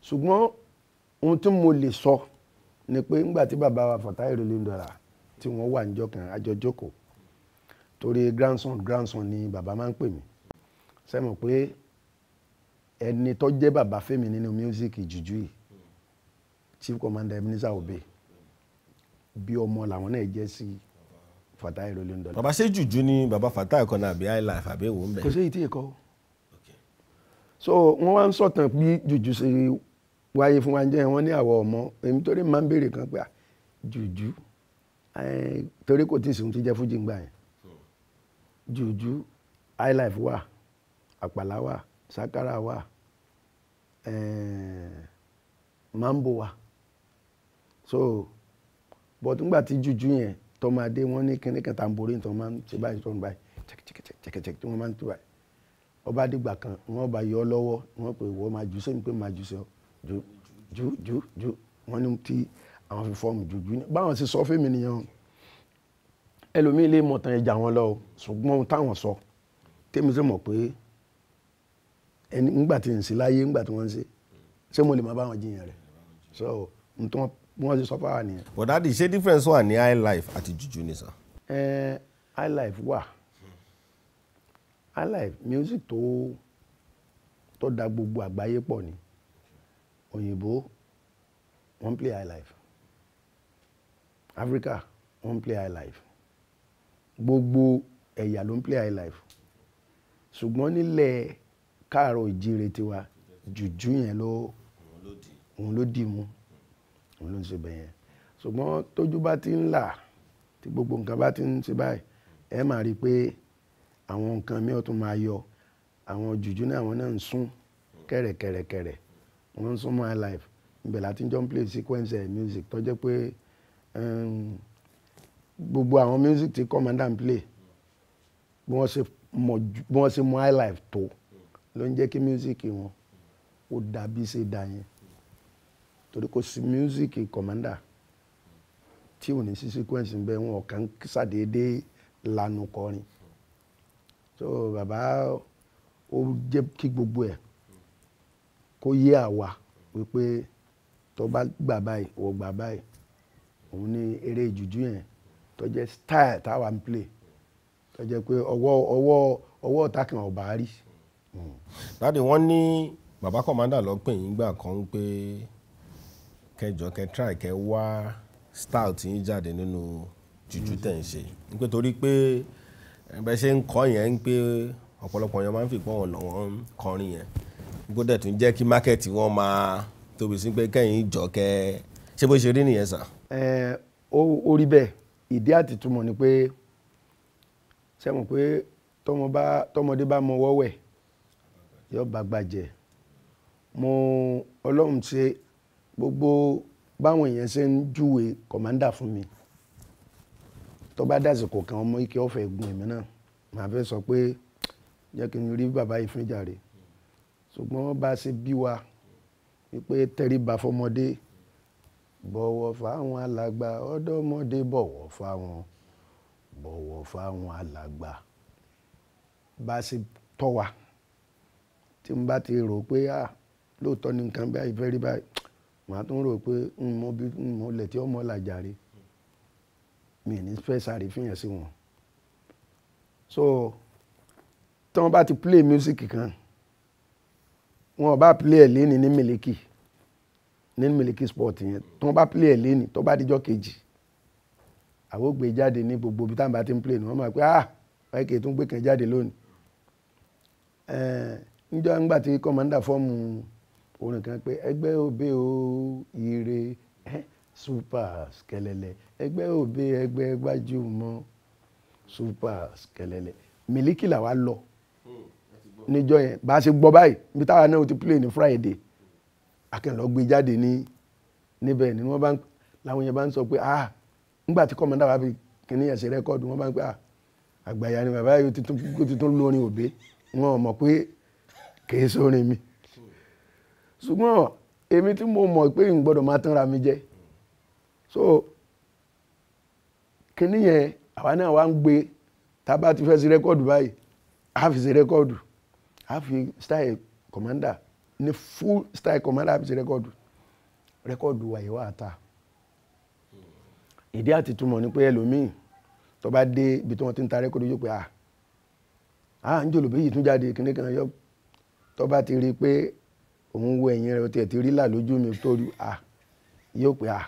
ṣùgbọ́n ohun tí mo lè sọ. So ni pé ńgbà tí bàbá wa Fatai Rolindora tí wọ́n wà níjọ́ kan àjọ jókòó torí grandson grandson ni bàbá máa ń pè mí sẹ́mọ̀ pé ẹni tó jẹ́ bàbá fẹ́mi nínú music jùjú yìí chief commander Ebenezer Obe, bí ọmọ làwọn náà jẹ́ sí Fatai Rolindora. bàbá ṣe jùjú ni bàbá Fatai kan náà àbí high life àbí èwo ń bẹ̀. kò sí èyí tí èkó so wọ́n wá ń sọ̀tàn bí jùjú ṣe wáyé fún wa ń jẹ́ wọn ní àwọ̀ ọmọ èmi torí máa ń béèrè kan pé jùjú torí kò tí ì sùn ti jẹ́ fújì yẹn jùjú highlife wà àpàlà wà sakara wà mambo wà so but ńgbà tí jùjú yẹn tọmọdé wọn ní kíní kan tamborí tó máa ń ṣe báyìí tó ń báyìí chẹkẹchẹkẹ tí wọn máa ń tó báyìí ọba dìgbà kan wọn bá yọ ọ lọ́wọ́ wọn pè wọ máa jù sẹ́yìn pé máa jù sẹ́yìn ju ju ju wọ́n ní ti àwọn fi fọ́ọ̀mù ju ju báwọn ṣe sọ fẹ́mi nìyẹn ẹlòmíì lè mọ̀tàn ẹja wọn lọ ṣùgbọ́n ohun táwọn sọ tèmi sì mọ̀ pé ẹni ńgbà tí ń ṣe láyé ńgbà tí wọ́n ń ṣe ṣé mo lè máa bá jiyàn rẹ̀ so n tó wọ́n ṣe sọ fáwa nìyẹn. bọ̀dádì ṣé difference wà ní high life àti juju ni sà. ẹ high life wà high life music tó tó da gbogbo àgbáyé pọ̀ ni òyìnbó wọ́n play high life Africa wọ́n play high life gbogbo ẹ̀yà ló ń play high life ṣùgbọ́n nílẹ̀ káàárọ̀ ìjíire tiwa jùjú yẹn ló òun ló dì mú òun ló ń ṣe bẹ́ẹ̀ yẹn ṣùgbọ́n tójú bá ti ń là tí gbogbo nǹkan bá ti ń ṣe báyìí ẹ máa rí i pé àwọn nǹkan mi ò tún máa yọ àwọn jùjú náà àwọn náà ń sún kẹ̀rẹ̀kẹ̀rẹ̀kẹ̀rẹ̀ wọ́n ń my life ibẹ̀ láti jọ ń play sequence ẹ̀ music tó jẹ́ pé gbogbo àwọn music tí commander ń play bí wọ́n ṣe mọ̀ bí wọ́n ṣe mọ̀ high life tó ló ń jẹ́ kí music wọn ó dàbí ṣe dà yẹn torí kò sí music commander tí ò ní sí sequence ń bẹ wọn kàn ṣàdédé lanu kọrin so bàbá ó jẹ́ kí gbogbo ẹ̀ kó yé àwa wípé tó bá gbà báyìí wò gbà báyìí òun ní eré ìjújú yẹn tó jẹ́ style táwa ń play tó jẹ́ pé ọwọ ọwọ ọwọ ọ̀tàkùn ọ̀bà rí. Hmm. dáàdi wọn ní bàbá kọ̀mádà lọ pè yín gbà kan pé kẹjọ kẹ try kẹ wá style tí yín jáde nínú jùjú tẹ̀ ń ṣe nípa torí pé bẹ́ẹ̀ ṣe ń kọ́ yẹn ń pé ọ̀pọ̀lọpọ̀ yẹn máa ń fi pọ́n ọ̀nà wọn kọrin yẹn kó dẹ̀ tún jẹ́ kí mákẹ́ẹ̀tì wọn máa tóbi sí pé kẹ́yìn jọ kẹ́ ṣé bó ṣe rí nìyẹn sà. ẹ ó rí bẹ́ẹ̀ ìdí àtìtúmọ̀ ni pé ṣe mọ̀ pé tọmọdé bá mọ wọ́wẹ̀ yóò bá gbàjẹ́ mo ọlọ́run ṣe gbogbo báwọn èèyàn ṣe ń júwe kọ̀mándà fún mi tó bá dàsìkò kan ọmọ ike ọ̀fẹ́ gun èmi náà màá fẹ́ sọ pé jẹ́ kí n rí bàbá yìí rèé ṣùgbọ́n bá a ṣe bí wa wípé tẹríba fọmọdé bọ̀wọ̀ fáwọn alàgbà ọ̀dọ́mọdé bọ̀wọ̀ fáwọn bọ̀wọ̀ fáwọn alàgbà bá a ṣe tọ́ wa tí n bá ti rò pé à ah, lóòótọ́ ni nǹkan báyìí fẹ́ rí báyìí màá tún rò pé n mọ bí n mọ lẹ̀ tí ọmọ làjà mi ní fẹ́ sáré fihàn sí wọn so tí wọ́n bá ti play music kan wọn bá play ẹ̀ lẹ́ni ní miliki ní miliki sport yẹn tí wọ́n bá play ẹ̀ lẹ́ni tó bá dijọ́ kejì àwọn ò gbé jáde ní gbogbo ibi táwọn bá ti ń play ni wọ́n máa pé ah wáyé kì í tún gbé kan jáde lónìí níjọ́ ńgbà tí kọ́mọ́ndà fọ́ọ̀mù orin kan pé ẹgbẹ́ òbí o ire super skelele ẹgbẹ́ òbí ẹgbẹ́ gbajúmọ̀ super skelele miliki làwa lọ. Mm níjọ yẹn bá a ṣe gbọ́ báyìí níbi táwa náà ti play ní Friday akẹ́lọ́ gbé e jáde ní níbẹ̀ ni wọ́n bá ń làwọn yẹn bá ń sọ pé ah nígbà tí kọ́mọ̀dá wa fi kìnìún yẹn ṣe rẹ́kọ́ọ̀dù wọ́n bá ń pẹ́ ah àgbàyà ni bàbá yìí ó ti tún lórin òbí wọn ò mọ̀ pé kìí sórin mi ṣùgbọ́n èmi tí mo mọ̀ pé n gbọ́dọ̀ máa tán ra mi jẹ so kìnìún yẹn àwa náà wá ń gbé tá a bá ti fẹ́ ṣe rẹ́kọ́ọ̀dù báyìí a fi ṣe rẹ́kọ́ọ̀dù a style commander ní full style commander fi ṣe rẹ́kọ̀dù rẹ́kọ̀dù wa yìí wà ta ìdí àti túmọ̀ ni pé ẹlòmíì tó bá dé ibi tí wọ́n ti ń ta rẹ́kọ̀dù yóò pé à á ń jòlò bí yìí tún jáde kíní kan yọ tó bá ti rí pé òun wo ẹ̀yìn rẹ̀ o tiẹ̀ ti rí là lójú mi tó rí ah, yóò pé à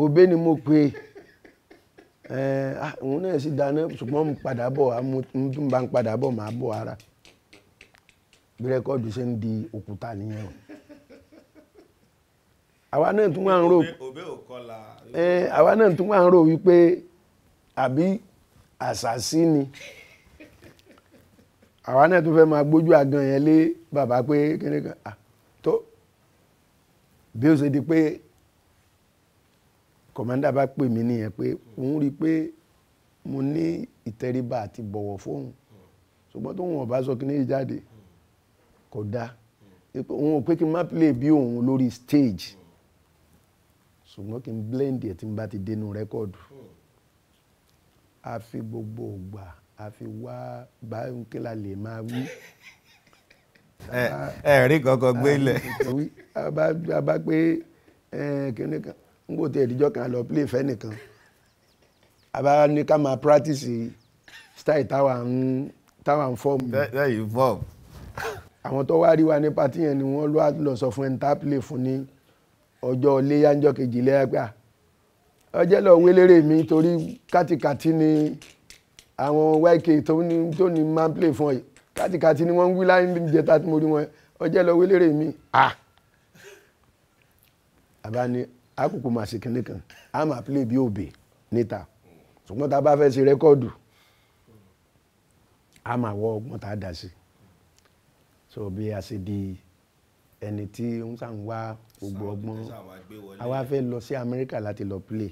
òbẹ́ ni mo pe. Eh, ah, òun náà sì dáná ṣùgbọ́n mo padà bọ̀ mo bá ń padà bọ̀ máa bọ̀ ara bí rẹ́kọ́ọ̀dù ṣe ń di òkúta nìyẹn o àwa náà tún wá ń rò eh, àwa náà tún wá ń rò wípé àbí àṣàṣì ni àwa náà tún fẹ́ máa gbójú àgàn yẹn lé bàbá pé kíni kan ah, tó bí ó ṣe di pé kọ̀mọ́ndà bá pè mí nìyẹn pé òun rí i pé mo ní ìtẹríba àti bọ̀wọ̀ fóun ṣùgbọ́n tóun ọ̀bá sọ kí ní jáde kò dáa òun ò pé kí n má play bí òun lórí stage ṣùgbọ́n kí n blend ẹ̀ tí n bá ti dénú rẹ́kọ̀dù a fi gbogbo ògbà a fi wá báńkìlá lè máa wí. ẹ ẹ rí kankan gbé ilẹ̀. a bá pé kíní kan n kò tiẹ̀ díjọ́ kan lọ play fẹ́ nìkan àbá ní ká máa practice style táwa ń táwa ń fọ́ọ̀mù. there you form. àwọn tó wá rí wa ní pati yẹn ni wọ́n lọ sọ fún ẹni tá a play fún ní ọjọ́ iléyà ńjọ́ ọjọ́ lọ wélérè mi torí kátìkàtì ni àwọn yk tó ní tó ní máa play fún ọ yìí kátìkàtì ni wọ́n ń wí láyé ní jẹta tí mo rí wọn ọjọ́ lọ wélérè mi ah àbá ni àkókò máa ṣe kinní kan a máa play bí òbè níta ṣùgbọ́n tá a bá fẹ́ ṣe rẹ́kọ́ọ̀dù a máa wọ ọgbọ́n tá a dá sí so bí a ṣe di ẹni tí ń sàn wá gbogbo ọgbọ́n a wá fẹ́ lọ sí Amẹ́ríkà láti lọ play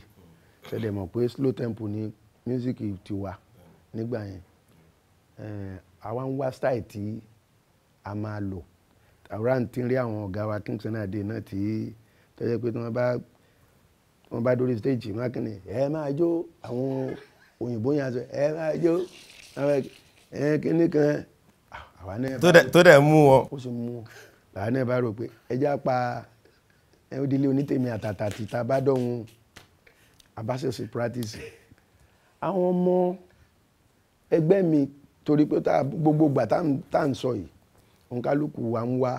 ṣẹ̀dẹ̀ mọ̀ pé slow tempo ni music ti wà nígbà yẹn àwa ń wá style tí a máa lò àwòrán tí ń rí àwọn ọ̀gá wa King Sunny Adé náà tí tọ́jú pé tí wọ́n bá wọ́n bá dórí stage mákìnnì ẹ máa jó àwọn òyìnbó yẹn aṣọ ẹ máa jó ẹ kíní kan ah, àwa náà bá rò tó dẹ̀ mú wọn. ó sì mú wọn làwa náà bá rò pé ẹja pa ẹ ó dilé onítèmi àtàtà títa bá dọ̀hún abáṣẹ̀ṣe practice àwọn ọmọ ẹgbẹ́ mi torí pé gbogbo ìgbà tá à ń sọ yìí òǹkálùkù wa ń wá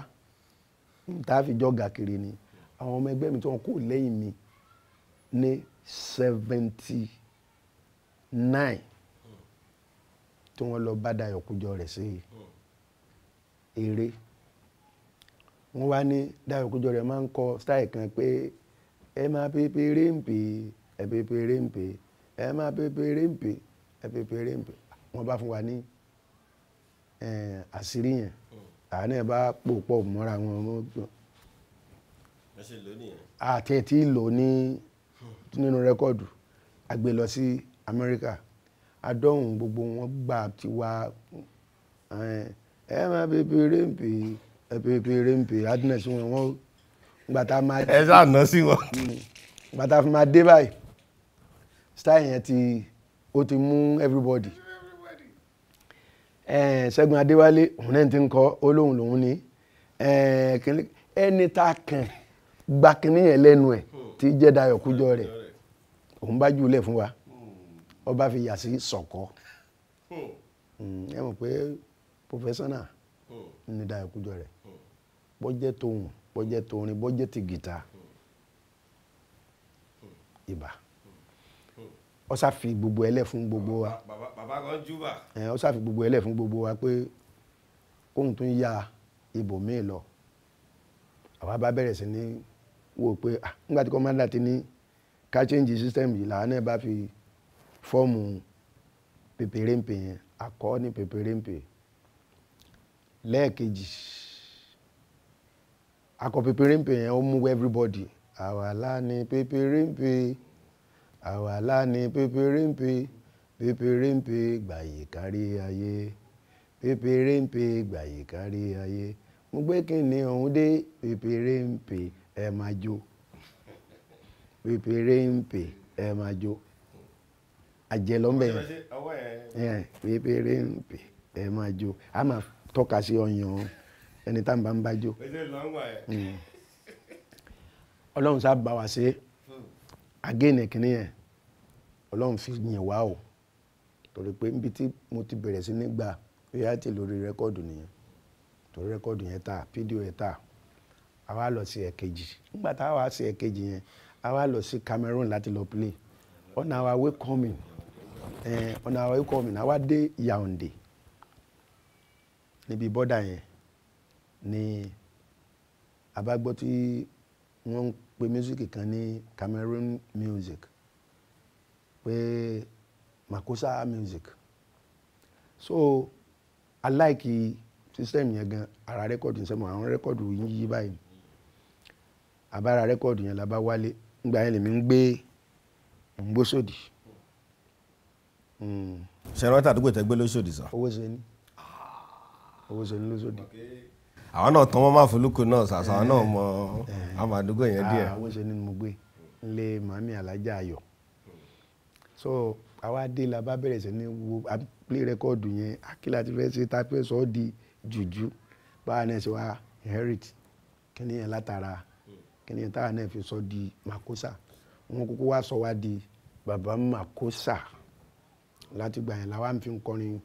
tá a fi jọ gà kiri ni àwọn ọmọ ẹgbẹ́ mi tí wọ́n kò lẹ́yìn mi ní seventy nine tí wọ́n lọ bá Dayọ̀ Kújọ rẹ̀ sí eré wọ́n wá ní Dayọ̀ Kújọ rẹ̀ máa ń kọ style kan pé ẹ máa pepe rempe ẹ pepe rempe ẹ máa pepe rempe ẹ pepe rempe wọ́n bá fún wa ní àṣírí yẹn àánú ẹ bá pò pọ̀ mọ́ra wọn. ẹ ṣe lónìí yẹn. àti ẹ ti lò ní nínú rẹ́kọ̀dù a gbé lọ sí Amẹ́ríkà adọ́hùn gbogbo wọn gbà ti wá ẹ máa bèbè rèmpè ẹ bèbè rèmpè adness wọn wọn gbàtà máa. ẹ ṣáà ná sí wọn. gbàtà hmm, fi máa dé báyìí style yẹn ti ó ti mú everybody ṣẹ́gun adéwálé òun náà ti ń kọ́ olóhùn lòun ni ẹni tá a kàn gba kínní yẹn lẹ́nu ẹ̀ tí jẹ́ Dayọ̀ Kújọrẹ̀ òun bá jùlẹ̀ fún wa ọ bá fi yà sí sọ̀kọ́ hmm, ẹ mọ̀ pé ní bọ́jẹ́ tóun bọ́jẹ́ bọ́jẹ́ ti ó gbogbo ẹlẹ́ fún gbogbo wa bàbá kan ó gbogbo ẹlẹ́ fún wò pé nígbà tí commander ti ní ká change system yìí làwọn bá fi fọ́ọ̀mù pèpèrèmpè yẹn àkọ́ ní pèpèrèmpè lẹ́ẹ̀kejì akọ pèpèrèmpè yẹn ó mú everybody àwàlá ni pèpèrèmpè àwàlá ni pèpèrèmpè pèpèrèmpè gbàyè kárí ayé pèpèrèmpè gbàyè kárí ayé mo gbé kí ni ọ̀hún dé pèpèrèmpè ẹ máa jó pèpè réńpè ẹ máa jó àjẹlọ́mbẹ yẹn pèpè réńpè ẹ máa jó a máa tọ́ka sí ọyàn ẹni tá n bá ń bá jó hmm. ọlọ́run sá bá wa ṣe agéènì kìíní yẹn ọlọ́run fi yìn wá o torí pé níbi tí mo ti bẹ̀rẹ̀ sí nígbà ó yá ti lórí rẹ́kọ́ọ̀dù nìyẹn torí rẹ́kọ́ọ̀dù yẹn ta fídíò yẹn ta. àwa lọ sí ẹ̀kejì nígbà tá a wá sí ẹ̀kejì yẹn àwa lọ sí Cameroon láti lọ play on our way coming eh, on our way coming àwa dé Yaoundé níbi bọ́dà yẹn ni àbágbọ́ tí wọ́n ń pe mísíkì kan ní Cameroon music pé Makossa music so I like system yẹn gan ara rẹ́kọ̀dù ń sẹ́mu àwọn rẹ́kọ̀dù yín yí báyìí. abara rẹ́kọ̀dù yẹn la bá wálé ngbà yẹn lèmi ń gbé ngbósòdì. Hmm. ṣẹ̀rọ̀tà àdúgbò tẹ́ gbé lóṣòdì sọ. owó ṣe ní owó ṣe ní lóṣòdì. àwọn náà tán wọn máa folúkọ náà ṣàṣà àwọn náà mọ eh. àwọn àdúgbò yẹn díẹ̀. Ah, owó ṣe ní mo gbé nlé màmí alájà ayọ̀ so àwa dé la bá bẹ̀rẹ̀ sí ní wo play record yẹn akíla ti fẹ́ ṣe tapẹ́ sọ di jùjú báwa náà ṣe wá inherit kí ni yẹn látara kíni táwọn náà fi sọ di makosa wọn kúkú wá sọ wá di baba makosa látìgbà yẹn làwọn fi ń kọrin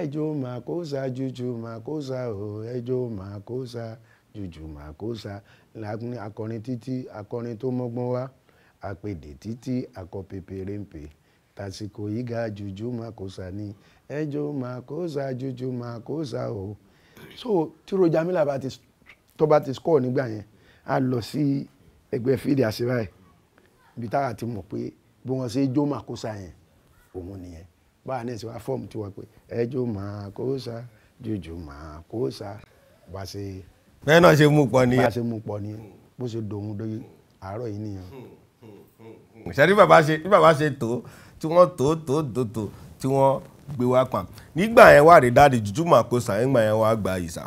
ẹjọ makosa juju makosa o ẹjọ makosa juju makosa lákùnrin akọrin títí akọrin tó mọ́gbọ́n wá àpèdè títí akọ pépéré ń tásìkò yìí juju makosa ni ẹjọ makosa juju makosa o so tí rojamila bá ti tó bá ti score nígbà yẹn a lọ sí ẹgbẹ́ fídí àṣírà ẹ̀ ibi táwa ti mọ̀ pé bí wọ́n ṣe jó màkósa yẹn òun nìyẹn báwa náà ṣe wá fọ́ọ̀mù tiwa pé ẹ jó màkósa jòjò màkósa bá ṣe. bẹ́ẹ̀ náà ṣe mú pọ̀ nìyẹn. bá ṣe mú pọ̀ nìyẹn bó ṣe dòun dóyè àárọ̀ yìí nìyẹn. ṣe bí bàbá ṣe bí bàbá ṣe tó tí wọ́n tó tó tó tó tí wọ́n gbé wá pàm nígbà yẹn wà rí dáàdi jùjú màkósa nígbà yẹn wà gba ìsà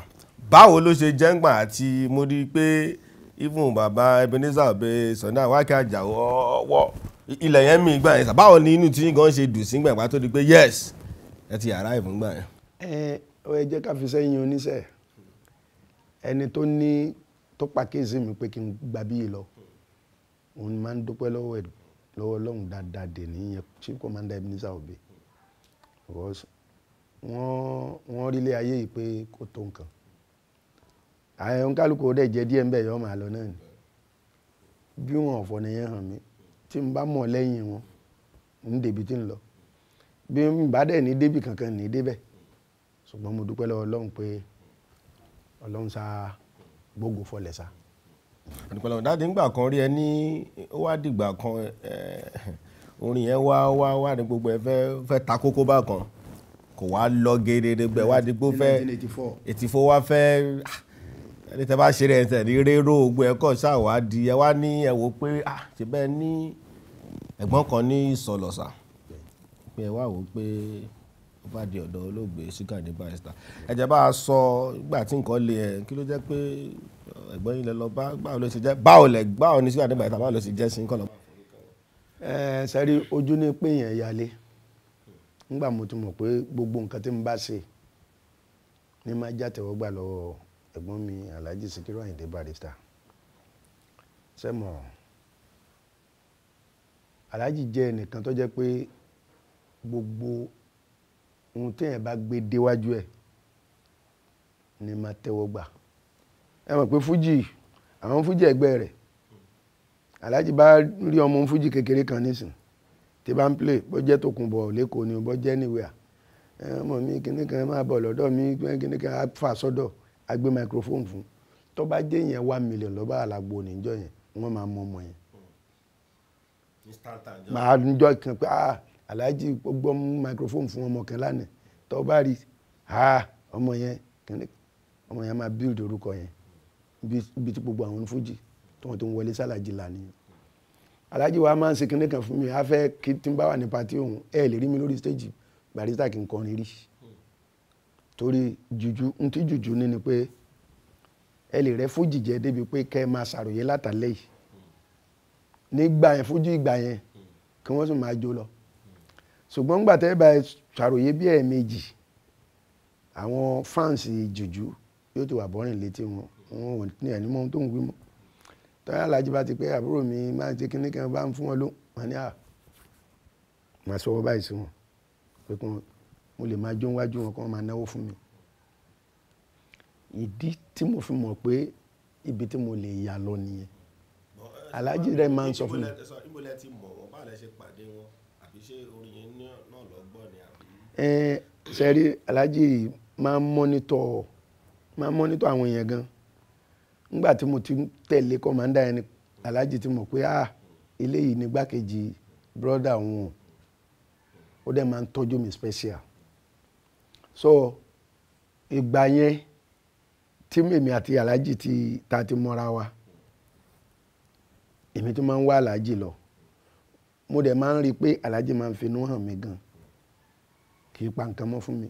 báwo ló ṣe jẹ́ ńgbà àti mo rí i pé even baba Ebenezer Obey Sunday Àwàkẹ́ Àjàó ọwọ́ ilẹ̀ yẹn mi gbà yẹn sà báwo ni inú tí gan ṣe dùn sí gbàgbà tó di pé yes ẹ ti yàrá ìfún gbà yẹn. ẹ ẹ jẹ́ ká fi sẹ́yìn oníṣẹ́ ẹni tó ní tó pàkíyèsí mi pé kí n gbà bí lọ òun máa ń dúpẹ́ lọ́wọ́ ẹ̀ lọ́wọ́ lọ́hùn dáadáa dè níyẹn chief commander Ebenezer Obey because rí ilé ayé yìí pé kò tó nǹkan àwọn kálukú dẹ̀ jẹ́ díẹ̀ ń bẹ̀ yọ́ màá lọ náà ni bí wọn ọ̀fọ̀ nìyẹn hàn mí tí n bá mọ̀ lẹ́yìn wọn ń débi tí ń lọ bí n bá dẹ̀ ní débi kankan ní débẹ̀ ṣùgbọ́n mo dúpẹ́ lọ́wọ́ ọlọ́run pé ọlọ́run sá gbógo fọlẹ̀ sá. àdùpẹ́ lọ́wọ́ dáadé ńgbà kan rí ẹ ní ó wá dìgbà kan eh, orin yẹn wá wá wá ní gbogbo ẹ fẹ́ ta kókó bá kan kò wá lọ gerere gbẹ wá dígbó fẹ́ 1984 wá fẹ́ ah ẹni tẹ bá ṣe rẹ tẹ ní rérò ogun ẹkọ ṣàwádìí ẹ wá ní ẹ pé ah ṣe bẹ́ẹ̀ ní ẹ̀gbọ́n kan ní ìsọlọsà pé ẹ wá wò pé ó bá di ọ̀dọ̀ olóògbé Síkàndé Barrister ẹjẹ bá a sọ ìgbà tí nǹkan le ẹ kí ló jẹ́ pé ẹ̀gbọ́n yìí lẹ lọ bá báwo ló ṣe jẹ́ báwo lẹ báwo ni Síkàndé Barrister báwo ló ṣe jẹ́ sí nǹkan lọ. ẹ sẹ́rí ojú ní pé yẹn yálé nígbà mo ti mọ̀ pé gbogbo nǹkan tí mo bá ṣe ni máa já tẹ̀wọ́ gbà lọ́wọ́ ẹ̀gbọ́n mi alhaji sikiru ayinde barrister sẹ́mọ̀ alhaji jẹ́ ẹnìkan tó jẹ́ pé gbogbo ohun téèyàn bá gbé déwájú ẹ̀ ni máa tẹ́wọ́ gbà ẹ mọ̀ pé fújì àwọn fújì ẹgbẹ́ rẹ̀ alhaji bá rí ọmọ fújì kékeré kan nísìn tí bá ń play bó jẹ́ tòkunbọ̀ lẹ́kọ̀ọ́ ni bó jẹ́ anywhere ẹ mọ̀ mi kíní kan máa bọ̀ lọ́dọ̀ mi kíní kan á fà sọ́dọ̀. So a microphone fún tó bá jẹ́ yẹn one million lọ́ba àlàgbo níjọ́ yẹn wọ́n máa mọ ọmọ yẹn. màá níjọ́ kan pé ah alhaji gbọ́ microphone fún ọmọ kan lánàá tó bá rí ah ọmọ yẹn ọmọ yẹn máa build orúkọ yẹn bí ti gbogbo àwọn onífújì tó wọn tó ń wọlé sálàjì lánìí alhaji wa máa ń ṣe kinní kan fún mi a kí tí n bá wà ní pati òun ẹ lè rí mi lórí stage barista kì í kọrin rí torí juju ní juju jùjú ni pé ẹ lè rẹ fújì jẹ débi pé kẹ́ ẹ máa ṣàròyé látàlẹ́ yìí nígbà yẹn fújì ìgbà yẹn kí wọ́n sì máa jó lọ ṣùgbọ́n nígbà tẹ́ ẹ bá ṣàròyé bí ẹ̀ẹ̀mejì àwọn fáǹsì jùjú yóò ti wà bọ́rìn létí wọn wọn ò ní ẹni mọ́ tó ń wí mọ́ tọ́yà alájí bá ti pé àbúrò mi máa ti kíní kan bá ń fún wọn ló wọn ní à máa sọ wọn báyìí sí wọn pé kí wọn mo lè máa jó níwájú wọn kí wọ́n máa náwó fún mi ìdí tí mo fi mọ̀ pé ibi tí mo lè yà lọ nìyẹn aláàjì rẹ máa ń sọ fún mi. ìbólẹ̀ ti mọ̀ wọ́n bá ni àbí. ẹ ṣe rí aláàjì máa ń mọ́nítọ̀ máa ń mọ́nítọ̀ àwọn èèyàn gan nígbà tí mo ti tẹ̀lé kọ́mándà yẹn ni ti mọ̀ pé ah eléyìí ni gbákejì brọ́dà wọn ó dẹ̀ máa ń tọ́jú mi special so ìgbà yẹn tí èmi àti aláàjì ti ta ti mọ́ra wa èmi tó máa ń wá aláàjì lọ mo dẹ̀ máa ń rí i pé aláàjì máa ń finú hàn mí gan kì í pa nǹkan mọ́ fún mi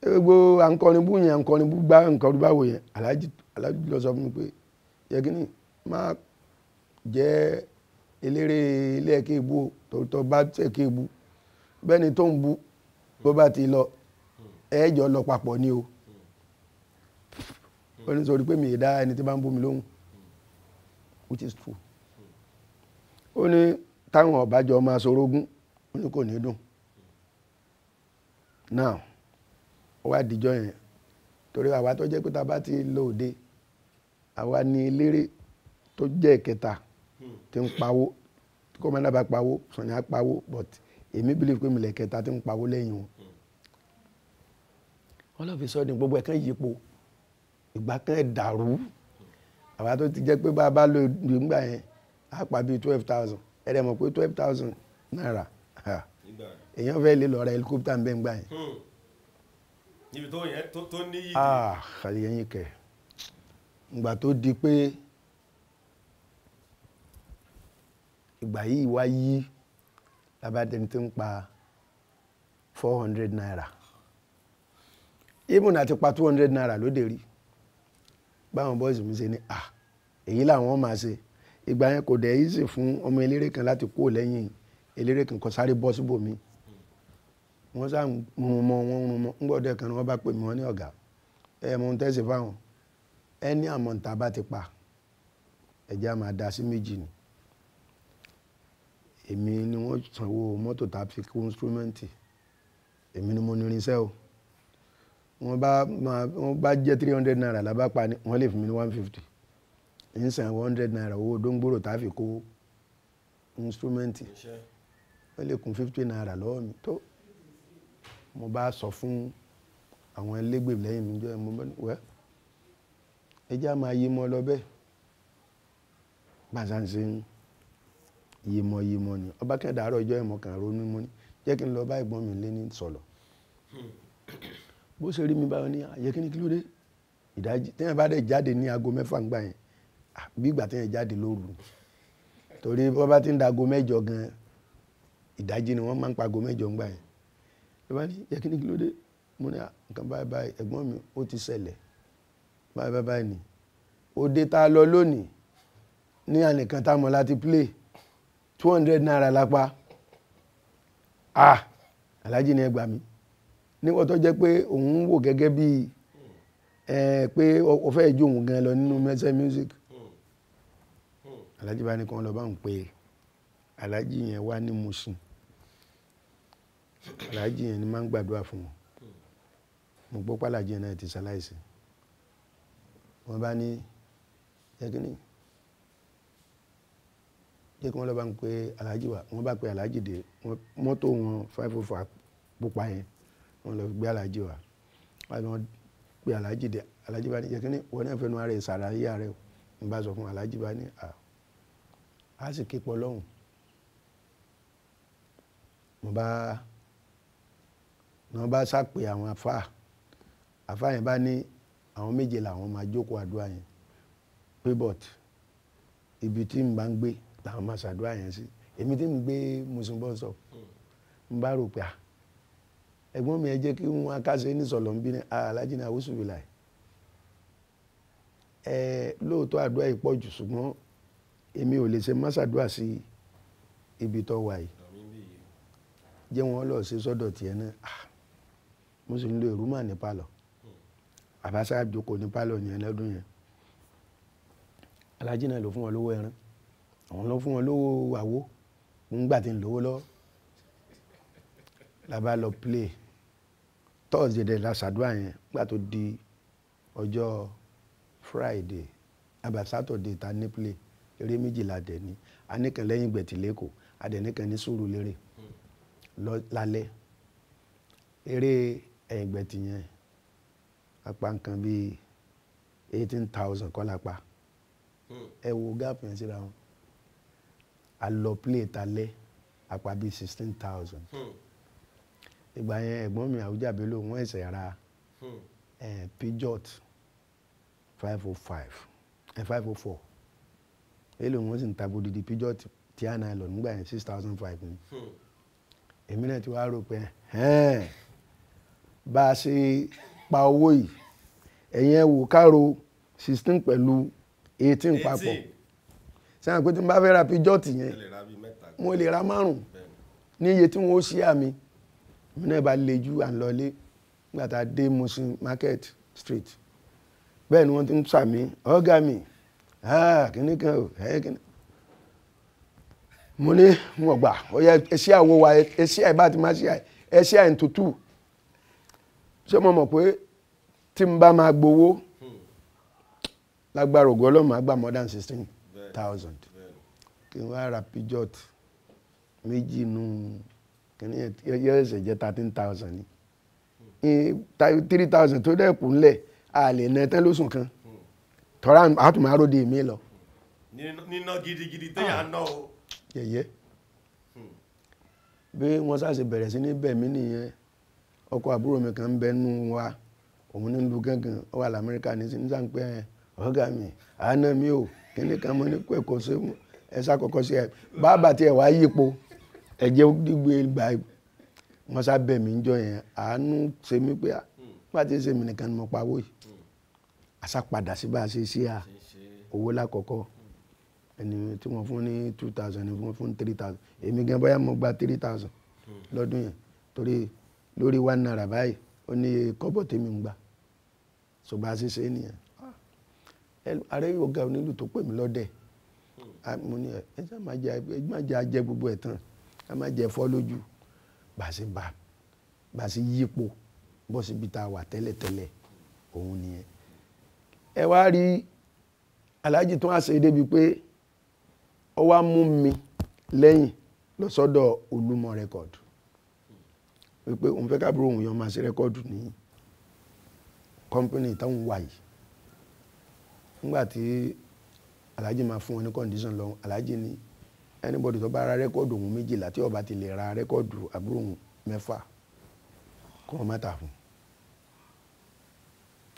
gbogbo àǹkọrinbú yẹn àǹkọrinbú gbá àǹkọrinbáwò yẹn aláàjì aláàjì lọ sọ fún mi pé yẹkínní máa jẹ́ eléré ilé ẹ̀kẹ́ ìbú tòótọ́ bá tẹ̀kẹ́ ìbú bẹ́ẹ̀ ni tó ń bu bó bá ti lọ ẹjọ lọ papọ̀ ni o ó ní sọrí pé mi ì dá ẹni tí bá ń bú mi lóhùn which is true ó ní táwọn ọ̀bájọ́ máa sorógún ó ní kò ní dùn now ó wá dìjọ́ yẹn torí àwa tó jẹ́ pé ta bá ti lọ òde àwa ni eléré tó jẹ́ ìkẹta hmm. tí ń pawó tí kò máa dábàá pawó sọ̀nyà pawó but èmi believe pé mi kẹta tí ń pawó lẹ́yìn wọn all of a sudden gbogbo ẹ̀kan yípo ìgbà kan ẹ̀ dàrú àwa tó ti jẹ́ pé bá a bá lo ìgbà yẹn á pa bíi twelve thousand ẹ̀ dẹ̀ mọ̀ pé twelve thousand náírà èèyàn fẹ́ lè lọ ra helicopter ń bẹ́ ń gbà yẹn. Hmm. níbi tó yẹn tó ní yìí. ah àyè yín kẹ ìgbà tó di pé ìgbà yìí wá yí labadẹni tó ń pa four hundred naira even àti pa two hundred naira lóde rí báwọn bọ́ọ̀sì mi ṣe ni à èyí làwọn máa ṣe ìgbà yẹn kò dẹ̀ easy fún ọmọ eléré kan láti kó lẹ́yìn eléré kan kó sáré bọ́ síbòmí wọ́n sá ń rún mọ́ wọ́n rún mọ́ ń kan ni wọ́n bá pè mí wọ́n ní ọ̀gá ẹ mọ ohun tẹ́sí fáwọn ẹni àmọ̀ǹtà bá ti pa ẹ̀jẹ̀ á máa da sí méjì ni èmi ni wọ́n sanwó mọ́tò tá a fi kó instrumenti èmi ni mo ní irinṣẹ́ o wọ́n bá máa wọ́n bá jẹ́ three hundred naira làbá pa ni wọ́n lè fún mi ní one fifty ń san one hundred naira owó dóńgbòrò tá a fi kó instrumenti wọ́n lè kún fifty naira lọ́wọ́ mi tó mo bá sọ fún àwọn ẹlẹ́gbẹ́ lẹ́yìn mi jọ ẹ mo bá wẹ́ ẹ já máa yí mọ́ lọ bẹ́ẹ̀ bá ń yìmọ̀ yìmọ̀ ni ọba kẹ́ẹ̀dá àárọ̀ ìjọ ìmọ̀ kan ronú mọ́ ni jẹ́ kí n lọ bá ẹ̀gbọ́n mi lé ní sọ̀lọ̀ bó ṣe rí mi báyọ̀ ní àyè kí ni kí ló dé ìdájí téèyàn bá dẹ̀ jáde ní aago mẹ́fà ń gbà yẹn bí ìgbà téèyàn jáde lóru torí wọ́n bá ti ń da aago mẹ́jọ gan ìdájí ni wọ́n máa ń pa aago mẹ́jọ ń gbà yẹn ló bá ní yẹ kí ni kí ló dé mo ní nǹkan báyìí báyìí ẹ̀gbọ́n mi ó ti ṣẹlẹ̀ báyìí báyìí ni òde tá a lọ lónìí ní ànìkan tá a mọ̀ láti play two hundred naira lápá ah alájí ni ẹ gbà mí níwọ̀n tó jẹ́ pé òun wò gẹ́gẹ́ bí pé ó fẹ́ jó òun gan lọ nínú mẹsẹ̀ music alájí bá ní kàn lọ bá ń pè alájí yẹn wá ní Mùsùn alájí yẹn ni máa ń gbàdúrà fún wọn mo gbọ́ pàlàjì yẹn náà ti ṣaláìsí wọ́n bá ní ẹgbẹ́ nìyí jẹ́ kí wọ́n lọ bá ń pe aláàjì wa wọ́n bá pe aláàjì dé mọ́tò wọn five oh five pupa yẹn wọ́n lọ gbé aláàjì wa wọ́n pe aláàjì de, aláàjì bá ní jẹ́ kí ni wọ́n náà fẹ́nu ara ẹ̀ sàrà yíyá rẹ̀ ń bá sọ fún aláàjì bá ní à á sì ké pọ̀ lọ́hùn mo bá mo bá sápè àwọn afáà àfáà yẹn bá ní àwọn méje làwọn máa jókòó àdúrà yẹn pébọ̀t ibi tí n bá ń gbé làwọn máa ṣàdúrà yẹn sí èmi tí mo gbé mùsùlùmí bọ́ sọ n bá rò pé à ẹ̀gbọ́n mi ẹ jẹ́ kí wọ́n akáṣe ní sọ̀lọ̀ ń bí ní alájí ní àwùsùwìlà ẹ lóòótọ́ àdúrà yìí pọ̀ jù ṣùgbọ́n èmi ò lè ṣe má ṣàdúrà sí ibi tó wà yìí jẹ́ wọn lọ sí sọ́dọ̀ tiẹ̀ náà mo sì ń lo ìrúmà ní pálọ̀ àbáṣá àjòkò ní pálọ̀ yẹn lọ́dún yẹn alájí náà ló fún wọn lówó ẹran àwọn lọ fún wọn lówó àwo nígbà tí ń lówó lọ làbá lọ play thursday dẹ̀ la ṣàdúrà yẹn nígbà tó di ọjọ́ friday àbá saturday ta ní play eré méjìlá dẹ̀ ni anìkan lẹ́yìn gbẹ̀tì lẹ́kọ̀ọ́ adẹ̀nìkan ní sùúrù lérè lálẹ́ eré ẹ̀yìn gbẹ̀tì yẹn apá nǹkan bíi eighteen thousand kọ́ la pa hmm. ẹ wo gáàpù yẹn síra wọn a lọ play sixteen thousand hmm. ìgbà yẹn ẹ̀gbọ́n mi Àwùjá Bello wọ́n ẹ̀sẹ̀ ra hmm. Peugeot five oh five five oh four èlò wọn sì ń ta bodidi Peugeot tíá náà lọ nígbà yẹn six thousand five ni hmm. èmi náà ti wá rò pé bá a ṣe pa owó yìí ẹ̀yin wò káro sixteen pẹ̀lú eighteen papọ̀ sẹ́yìn pé tí mo bá fẹ́ ra píjọ́ọ̀tì yẹn mo lè ra márùn-ún ní iye tí wọ́n ó ṣí àmì mi náà bá le ju à ń dé Mushin market street bẹ́ẹ̀ ni wọ́n ti ń sàmì ọ̀gá mi ah, kìíní kan ò ẹ̀ kìíní. mo ní wọn gbà ọ̀yà ẹṣẹ́ àwọ̀ wa ẹṣẹ́ àìbá ti máa ṣe ẹṣẹ́ àìntútù ṣé mo mọ̀ pé tí n bá máa gbowó hmm. lágbára ògo Ọlọ́run more than sixteen thousand kí n wá ra pijot méjì nù kíní yẹ ẹsẹ̀ jẹ́ thirteen thousand ni three thousand tó dẹ̀ kù ńlẹ̀ a lè nà tán lóṣù kan tọ́ra àtúmọ̀ àròdè mi lọ. níná gidigidi téèyàn ná o. yẹ̀yẹ́ bí wọ́n ṣàṣe bẹ̀rẹ̀ sí ní bẹ̀mí nìyẹn ọkọ àbúrò mi kan ń bẹ nù wa òun ní lu gángan ó wà lamẹ́ríkà ní sàǹpẹ́ ọ̀gá mi àánà mi ò kíní kan mo ní kó ẹ̀kọ́ sí mu ẹ ṣàkọ́kọ́ sí ẹ bàbá tiẹ̀ wá yípo ẹ̀jẹ̀ gbígbé gbà wọ́n sá bẹ̀ mí jọ yẹn àánú ṣe mí pé nígbà ah, tí ṣe mí nìkan ni mo pawó yìí àṣà padà sí bá a ṣe ṣe à ah, owó lákọ̀ọ́kọ́ ẹni tí wọ́n fún ní two thousand ẹni wọ́n fún three thousand èmi gan bóyá mo gba three thousand lọ́dún yẹn torí lórí one naira báyìí ó ní kọ́bọ̀ tèmi ń gbà ṣùgbọ́n a ṣe ṣe é nìyẹn arẹ́yọ̀ ọ̀gá onílù tó pè mí lọ́dẹ̀ mo ní ẹ ẹ má jẹ ẹ má jẹ ajẹ gbogbo ẹ̀ tán ẹ má jẹ fọ́ lójú bá a ṣe bá bá a ṣe yípo bọ́ síbi tá a wà tẹ́lẹ̀tẹ́lẹ̀ òun nìyẹn ẹ wá rí aláàjì tó wá ṣe débi pé ó wá mú mi lẹ́yìn lọ sọ́dọ̀ olúmọ rẹ́kọ̀dù wípé òun fẹ́ káàbùrò òun yọ máa ṣe rẹ́kọ̀dù ní kọ́ńpínì táwọn wà yìí nígbà tí alhaji máa fún wọn ní condition lọ alhaji ní anybody tó bá ra rẹ́kọ̀dù òun méjìlá tí ó bá ti lè ra rẹ́kọ̀dù àbúrò òun mẹ́fà kọ́ ọ mẹ́ta fún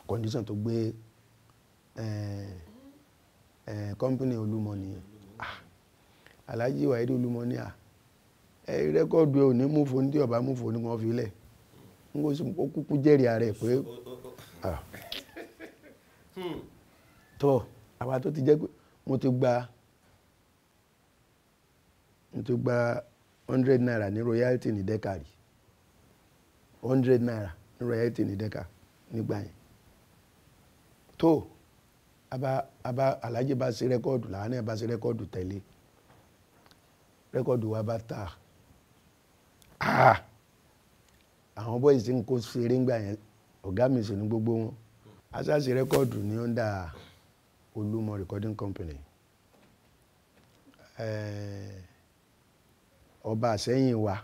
condition tó gbé company olúmọ nìyẹn alhaji wàhídì olúmọ ní à rẹ́kọ̀dù ẹ̀ ò ní mú foni tí ọba mú foni wọn fi lẹ̀ n kò sí kúkú jẹ́rìí ara ẹ̀ pé tọ́ àwa tó ti jẹ́ pé mo ti gba mo ti gba hundred naira ní royalty ní deka rí hundred naira ní royalty ní deka nígbà yẹn tó aba aba alhaji bá ṣe rẹ́kọ́ọ̀dù làwọn náà bá ṣe rẹ́kọ́ọ̀dù tẹ̀lé rẹ́kọ́ọ̀dù wa bá ta ah! àwọn bọ́ìsì ń kó ṣeré ńgbà yẹn ọ̀gá mi sì ní gbogbo wọn aṣáṣe rẹ́kọ́ọ̀dù ní ó ń dáa. Olúmọ recording company ọba àsẹ́yìn wa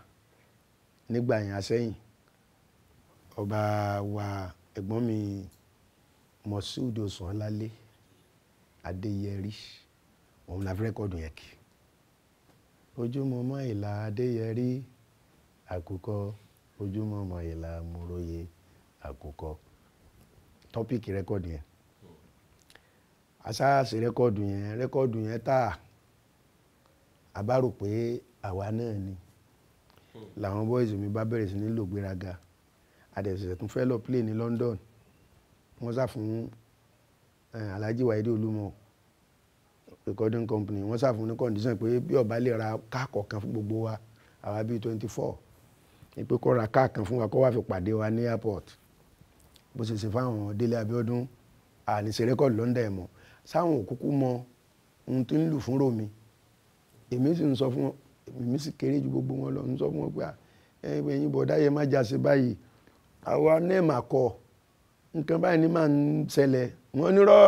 nígbà yẹn àsẹ́yìn ọba wa ẹ̀gbọ́n mi Moshood Sanlálé Adéyẹrí òun la fi rẹ́kọ̀dù yẹn kì ojúmọmọ́ ìlà Adéyẹrí àkùkọ ojúmọmọ́ ìlà mòròyè àkùkọ tọ́píìkì rẹ́kọ̀dù yẹn àṣàṣe rẹ́kọ́ọ̀dù yẹn rẹ́kọ́ọ̀dù yẹn tà á bá rò pé àwa náà ni làwọn boys mi bá bẹ̀rẹ̀ sí ní lò gbéraga àdẹ̀sẹ̀ tún fẹ́ lọ play ní London wọ́n sá fún eh, Alhaji Waheed Olúmọ recording company wọ́n sá fún ní condition pé bí ọba lè ra káà kọ̀ọ̀kan fún gbogbo wa àwa bíi twenty four ìpè kó ra káà kan fún wa kó wá fi pàdé wa ní airport bó ṣe ṣe fáwọn Délé Abíọ́dún àníṣe rẹ́kọ̀dù London ẹ̀ mọ́ sáwọn òkúkú mọ ohun tó ń lù fún romi èmi sì ń sọ fún wọn èmi sì kéré ju gbogbo wọn lọ ń sọ fún wọn pé ẹ̀yin bọ̀dá yẹn má jáse báyìí àwa náà mà kọ nǹkan báyìí ni máa ń ṣẹlẹ̀ wọ́n nírọ́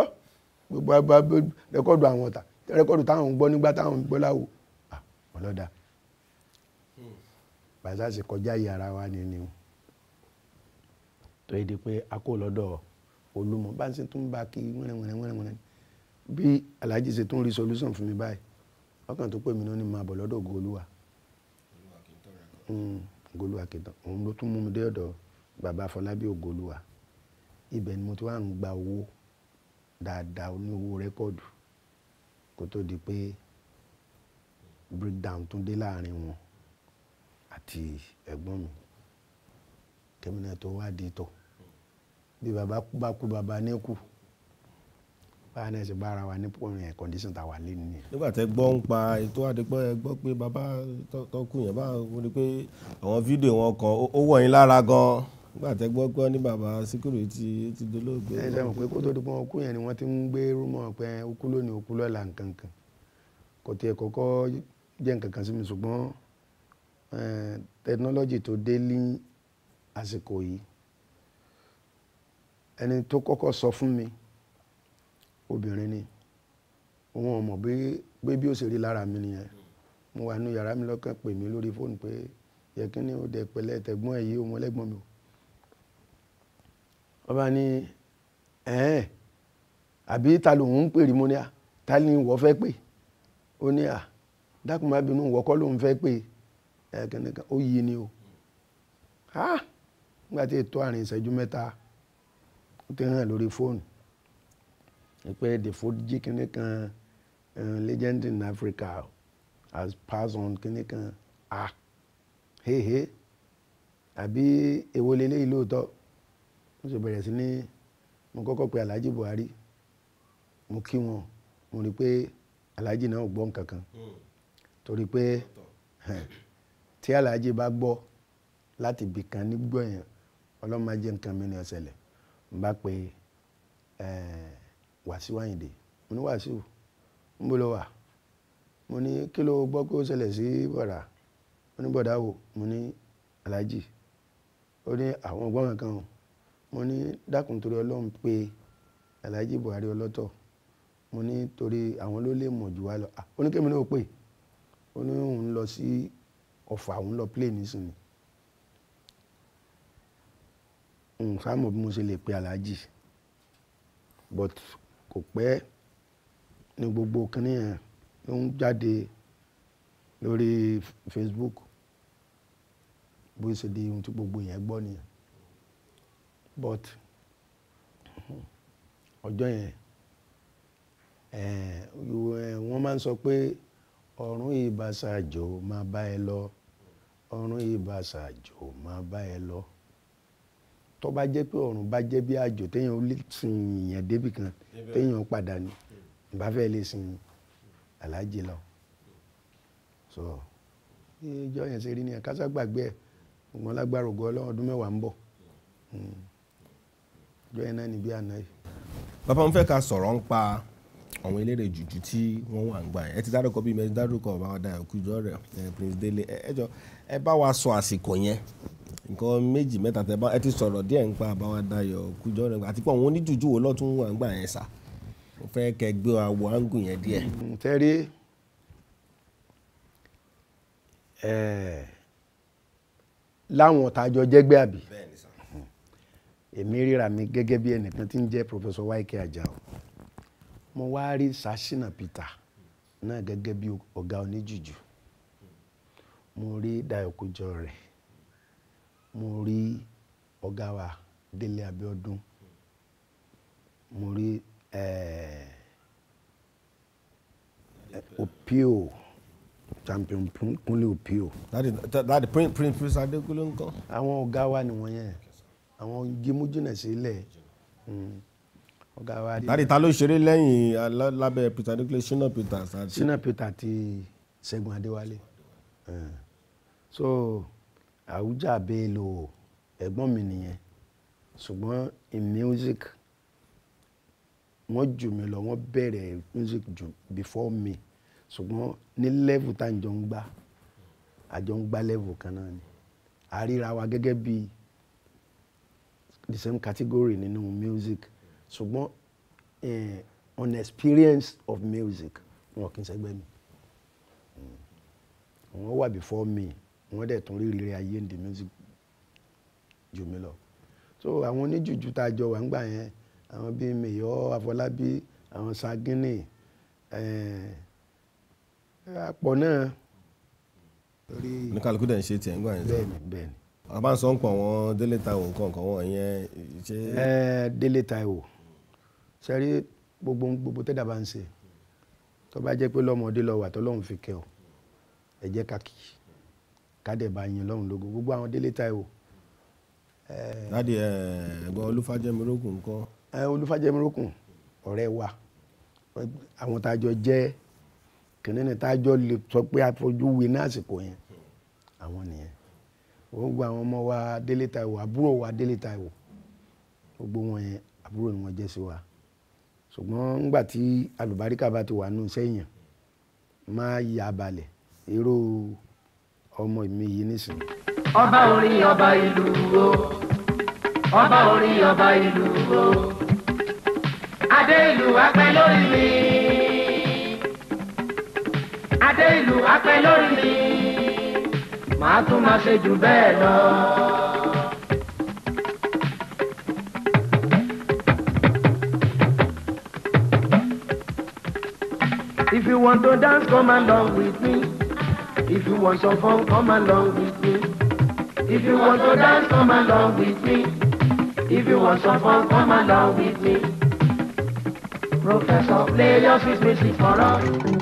gbogbo agbábọ́ rẹ́kọ́dù àwọn ọ̀tà rẹ́kọ́dù táwọn ń gbọ́ nígbà táwọn ń gbọ́ láwò ọlọ́dà bàtà sì kọjá yìí ara wa ni ni tó yẹ di pé a kò lọ́dọ̀ olúmọ bá ń ṣe tún bá kí wẹ́rẹ́wẹ́rẹ́ wẹ́rẹ́wẹ́rẹ́ bí aláàjì ṣe tó ń rí solution fún mi báyìí ọkàn tó pè mí náà ni máa bọ̀ lọ́dọ̀ goluwa hmm, goluwa kìtàn òun ló tún mú mi dé ọ̀dọ̀ bàbá Fọlábí ògoluwa ibẹ̀ ni mo ti wá ń gba owó dáadáa ní owó rẹ́kọ̀dù kó tó di pé breakdown tún dé láàrin wọn àti ẹ̀gbọ́n mi kẹ́mi náà tó wá di tọ̀ bí bàbá bá kú bàbá ní kú báwa náà ṣe bára wa ní pọ̀nrin condition tá a wà lé nìyí. nígbà tẹ gbọ́ ń pa ètò àdìpọ́ ẹ gbọ́ pé bàbá tọkù yẹn bá wọn ni pé àwọn fídíò wọn kan ó wọ̀ yín lára gan-an nígbà tẹ gbọ́ gbọ́ ní bàbá síkúrò ti ti dolóògbé. ẹ ṣe mọ̀ pé kó tó di pọ́n okú yẹn ni wọ́n ti ń gbé rúmọ̀ pé okú lónìí okú lọ́la nkankan kò tiẹ̀ kọ́kọ́ jẹ́ nkankan sí mi ṣùgbọ́n tẹkinọ́lọ́jì tó dé ní àsìkò yìí ẹni tó kọ́kọ́ sọ fún mi obìnrin ni wọn ò mọ̀ pé pé bí ó ṣe rí lára mi nìyẹn mo wà nínú yàrá mi lọ́kàn pè mí lórí fóònù pé yẹ kí ni ó dẹ pẹ̀lẹ́ tẹ̀gbọ́n ẹ̀ yé ọmọ ẹlẹ́gbọ́n mi o ọba ní ẹ̀ẹ́n àbí ta lòun ń pè rí mo ní à ta ni ìwọ fẹ́ pè ó ní à dákun má bínú ìwọ kọ́ lòun fẹ́ pè ẹ̀ẹ́kẹ́nìkan ó yí ni o nígbà tí ètò àrùn ìṣẹ́jú mẹ́ta ó ti hàn lórí fóònù pé Defoe jí kíní kan legend in Africa has passed on kíní kan ah hehe àbí èwo leléyìí lóòótọ́ mo sì bẹ̀rẹ̀ sí ní mo kọ́kọ́ pe Alhaji Buhari mo kí wọn mo rí i pé Alhaji náà ò gbọ́ nǹkan kan hmm. torí pé tí Alhaji bá gbọ́ láti ibì kan nígbọ̀nyàn ọlọ́mọ ajé nǹkan mi ni ọ̀sẹ̀lẹ̀ n bá pe ẹ̀ẹ́. Wàsíù Àyìndé mo ní Wàsíù ń bó lọ wà mo ní kí ló gbọ́ pé ó ṣẹlẹ̀ sí bọ̀dà mo ní bọ̀dà wò mo ní aláàjì ó ní àwọn ọgbọ́n kankan o mo ní dákun torí ọlọ́run pé aláàjì Buhari ọlọ́tọ̀ mo ní torí àwọn ló lè mọ̀ jù wá lọ ah, ó ní pè ó ní òun lọ sí ọ̀fà òun lọ plane nísìnyí òun sá mọ̀ bí mo ṣe lè pe aláàjì but kò pẹ́ ní gbogbo kínní yẹn ló ń jáde lórí Facebook bó ṣe di ohun tí gbogbo yẹn gbọ́ nìyẹn but ọjọ́ yẹn eh, wọ́n máa ń sọ pé ọ̀run ìbàṣàjò máa bá ẹ lọ ọ̀run ìbàṣàjò máa bá ẹ lọ tó bá jẹ́ pé ọ̀run bá jẹ́ bí àjò téèyàn ó lè sìn yẹn débì kan téèyàn padà ní ìbá fẹ́ lè sin aláàjì lọ so ìjọ yẹn ṣe rí ni àkásá gbàgbé ẹ̀ ògbọ́n lágbára ògo ọlọ́run ọdún mẹ́wàá ń bọ̀ ìjọ hmm. yẹn náà ní bí àná yìí. bàbá mo fẹ́ ka sọ̀rọ̀ ń pa àwọn eléré jùjú tí wọ́n wà ń gbà ẹ ti dárúkọ bíi mẹ́rin dárúkọ ọba ọ̀dà ẹ̀kú ìjọ rẹ̀ eh, prince délé ẹ jọ ẹ bá wa sọ àsìkò yẹn nǹkan méjì mẹ́ta tẹ́ bá ẹ ti sọ̀rọ̀ díẹ̀ nípa Àbáwádáyọ̀ Kújọ́rẹ́ àti pé àwọn oníjùjú wo lọ́tún wà ń gbà yẹn sà mo fẹ́ kẹ́ gbé àwọ̀ áńgù yẹn díẹ̀. Mm, tẹ́rí láwọn tàjọ jẹ́gbẹ́ àbí mm. tí ń jẹ́ Sashina Peter náà gẹ́gẹ́ bí ọ̀gá mo rí Dayọ̀ mo rí ọ̀gá wa Délé Abíọ́dún mo rí eh, eh, Opio champion Kúnlé Opio. láti prince print Adékúnlé ń kọ́. àwọn ọ̀gá wa ni wọ́n yẹn àwọn jimújìnà sílẹ̀ hmm. ọ̀gá wa. láti ta ló ṣeré lẹ́yìn lábẹ́ Peter Adékúnlé Shina Peters. Shina Peters àti Ṣẹ́gun Adéwálé eh. so Àwùjá Bello ẹ̀gbọ́n mi nìyẹn ṣùgbọ́n in music wọ́n jù mí lọ wọ́n bẹ̀rẹ̀ music jù before me ṣùgbọ́n ní level tá à ń jọ ń gbá àjọ ń gbá level kan náà ni a ríra wa gẹ́gẹ́ bí the same category nínú music ṣùgbọ́n eh, on experience of music wọn kì í ṣẹgbẹ́ mi hmm. wọ́n wà before me wọ́n dẹ̀ tún rírí rẹ̀ ayé ndí music jù mí lọ so àwọn oníjùjú tá a jọ wà ń gbà yẹn àwọn bíi Mèyọ́ Afọlábí àwọn Sagini eh, àpọ̀ náà. oníkàlùkù dẹ̀ ń ṣe tiẹ̀ ń gbà yẹn. bẹ́ẹ̀ni bẹ́ẹ̀ni. àbá ń sọ ń pọ̀ wọn Délé Táíwò nǹkan kan wọn yẹn ṣe. Eh, ẹ Délé Táíwò sẹ́rí gbogbo gbogbo tẹ́dà bá ń ṣe tó bá jẹ́ pé lọ́mọdé lọ wà tó lọ́hùn fi kẹ́ ọ ẹ jẹ́ kádẹ́bà yín lọ́run lógo gbogbo àwọn délé Táíwò. Eh, láti eh, ẹ̀gbọ́n olúfàjẹmírókùn ńkọ́. Eh, olúfàjẹmírókùn ọ̀rẹ́ wa àwọn tájọ jẹ́ kìnìún tájọ lè sọ pé àfojúwe náà àsìkò yẹn àwọn nìyẹn gbogbo àwọn ọmọ wa délé Táíwò àbúrò wa délé Táíwò gbogbo wọn yẹn àbúrò ni wọ́n jẹ́ sí wa ṣùgbọ́n ńgbà tí alùbáríkà bá ti wà nù sẹ́yìn máa yà balẹ̀ èrò. E ọmọ mi yìí nísìn. ọba orin ọba ìlú o ọba orin ọba ìlú o adé ìlú apẹ lórí mi adé ìlú apẹ lórí mi màá tún máa ṣe jù bẹ́ẹ̀ lọ. If you want to dance, come along with me. If you want some fun, come along with me. If you want to dance, come along with me. If you want some fun, come along with me. Professor, play your sweet music for us.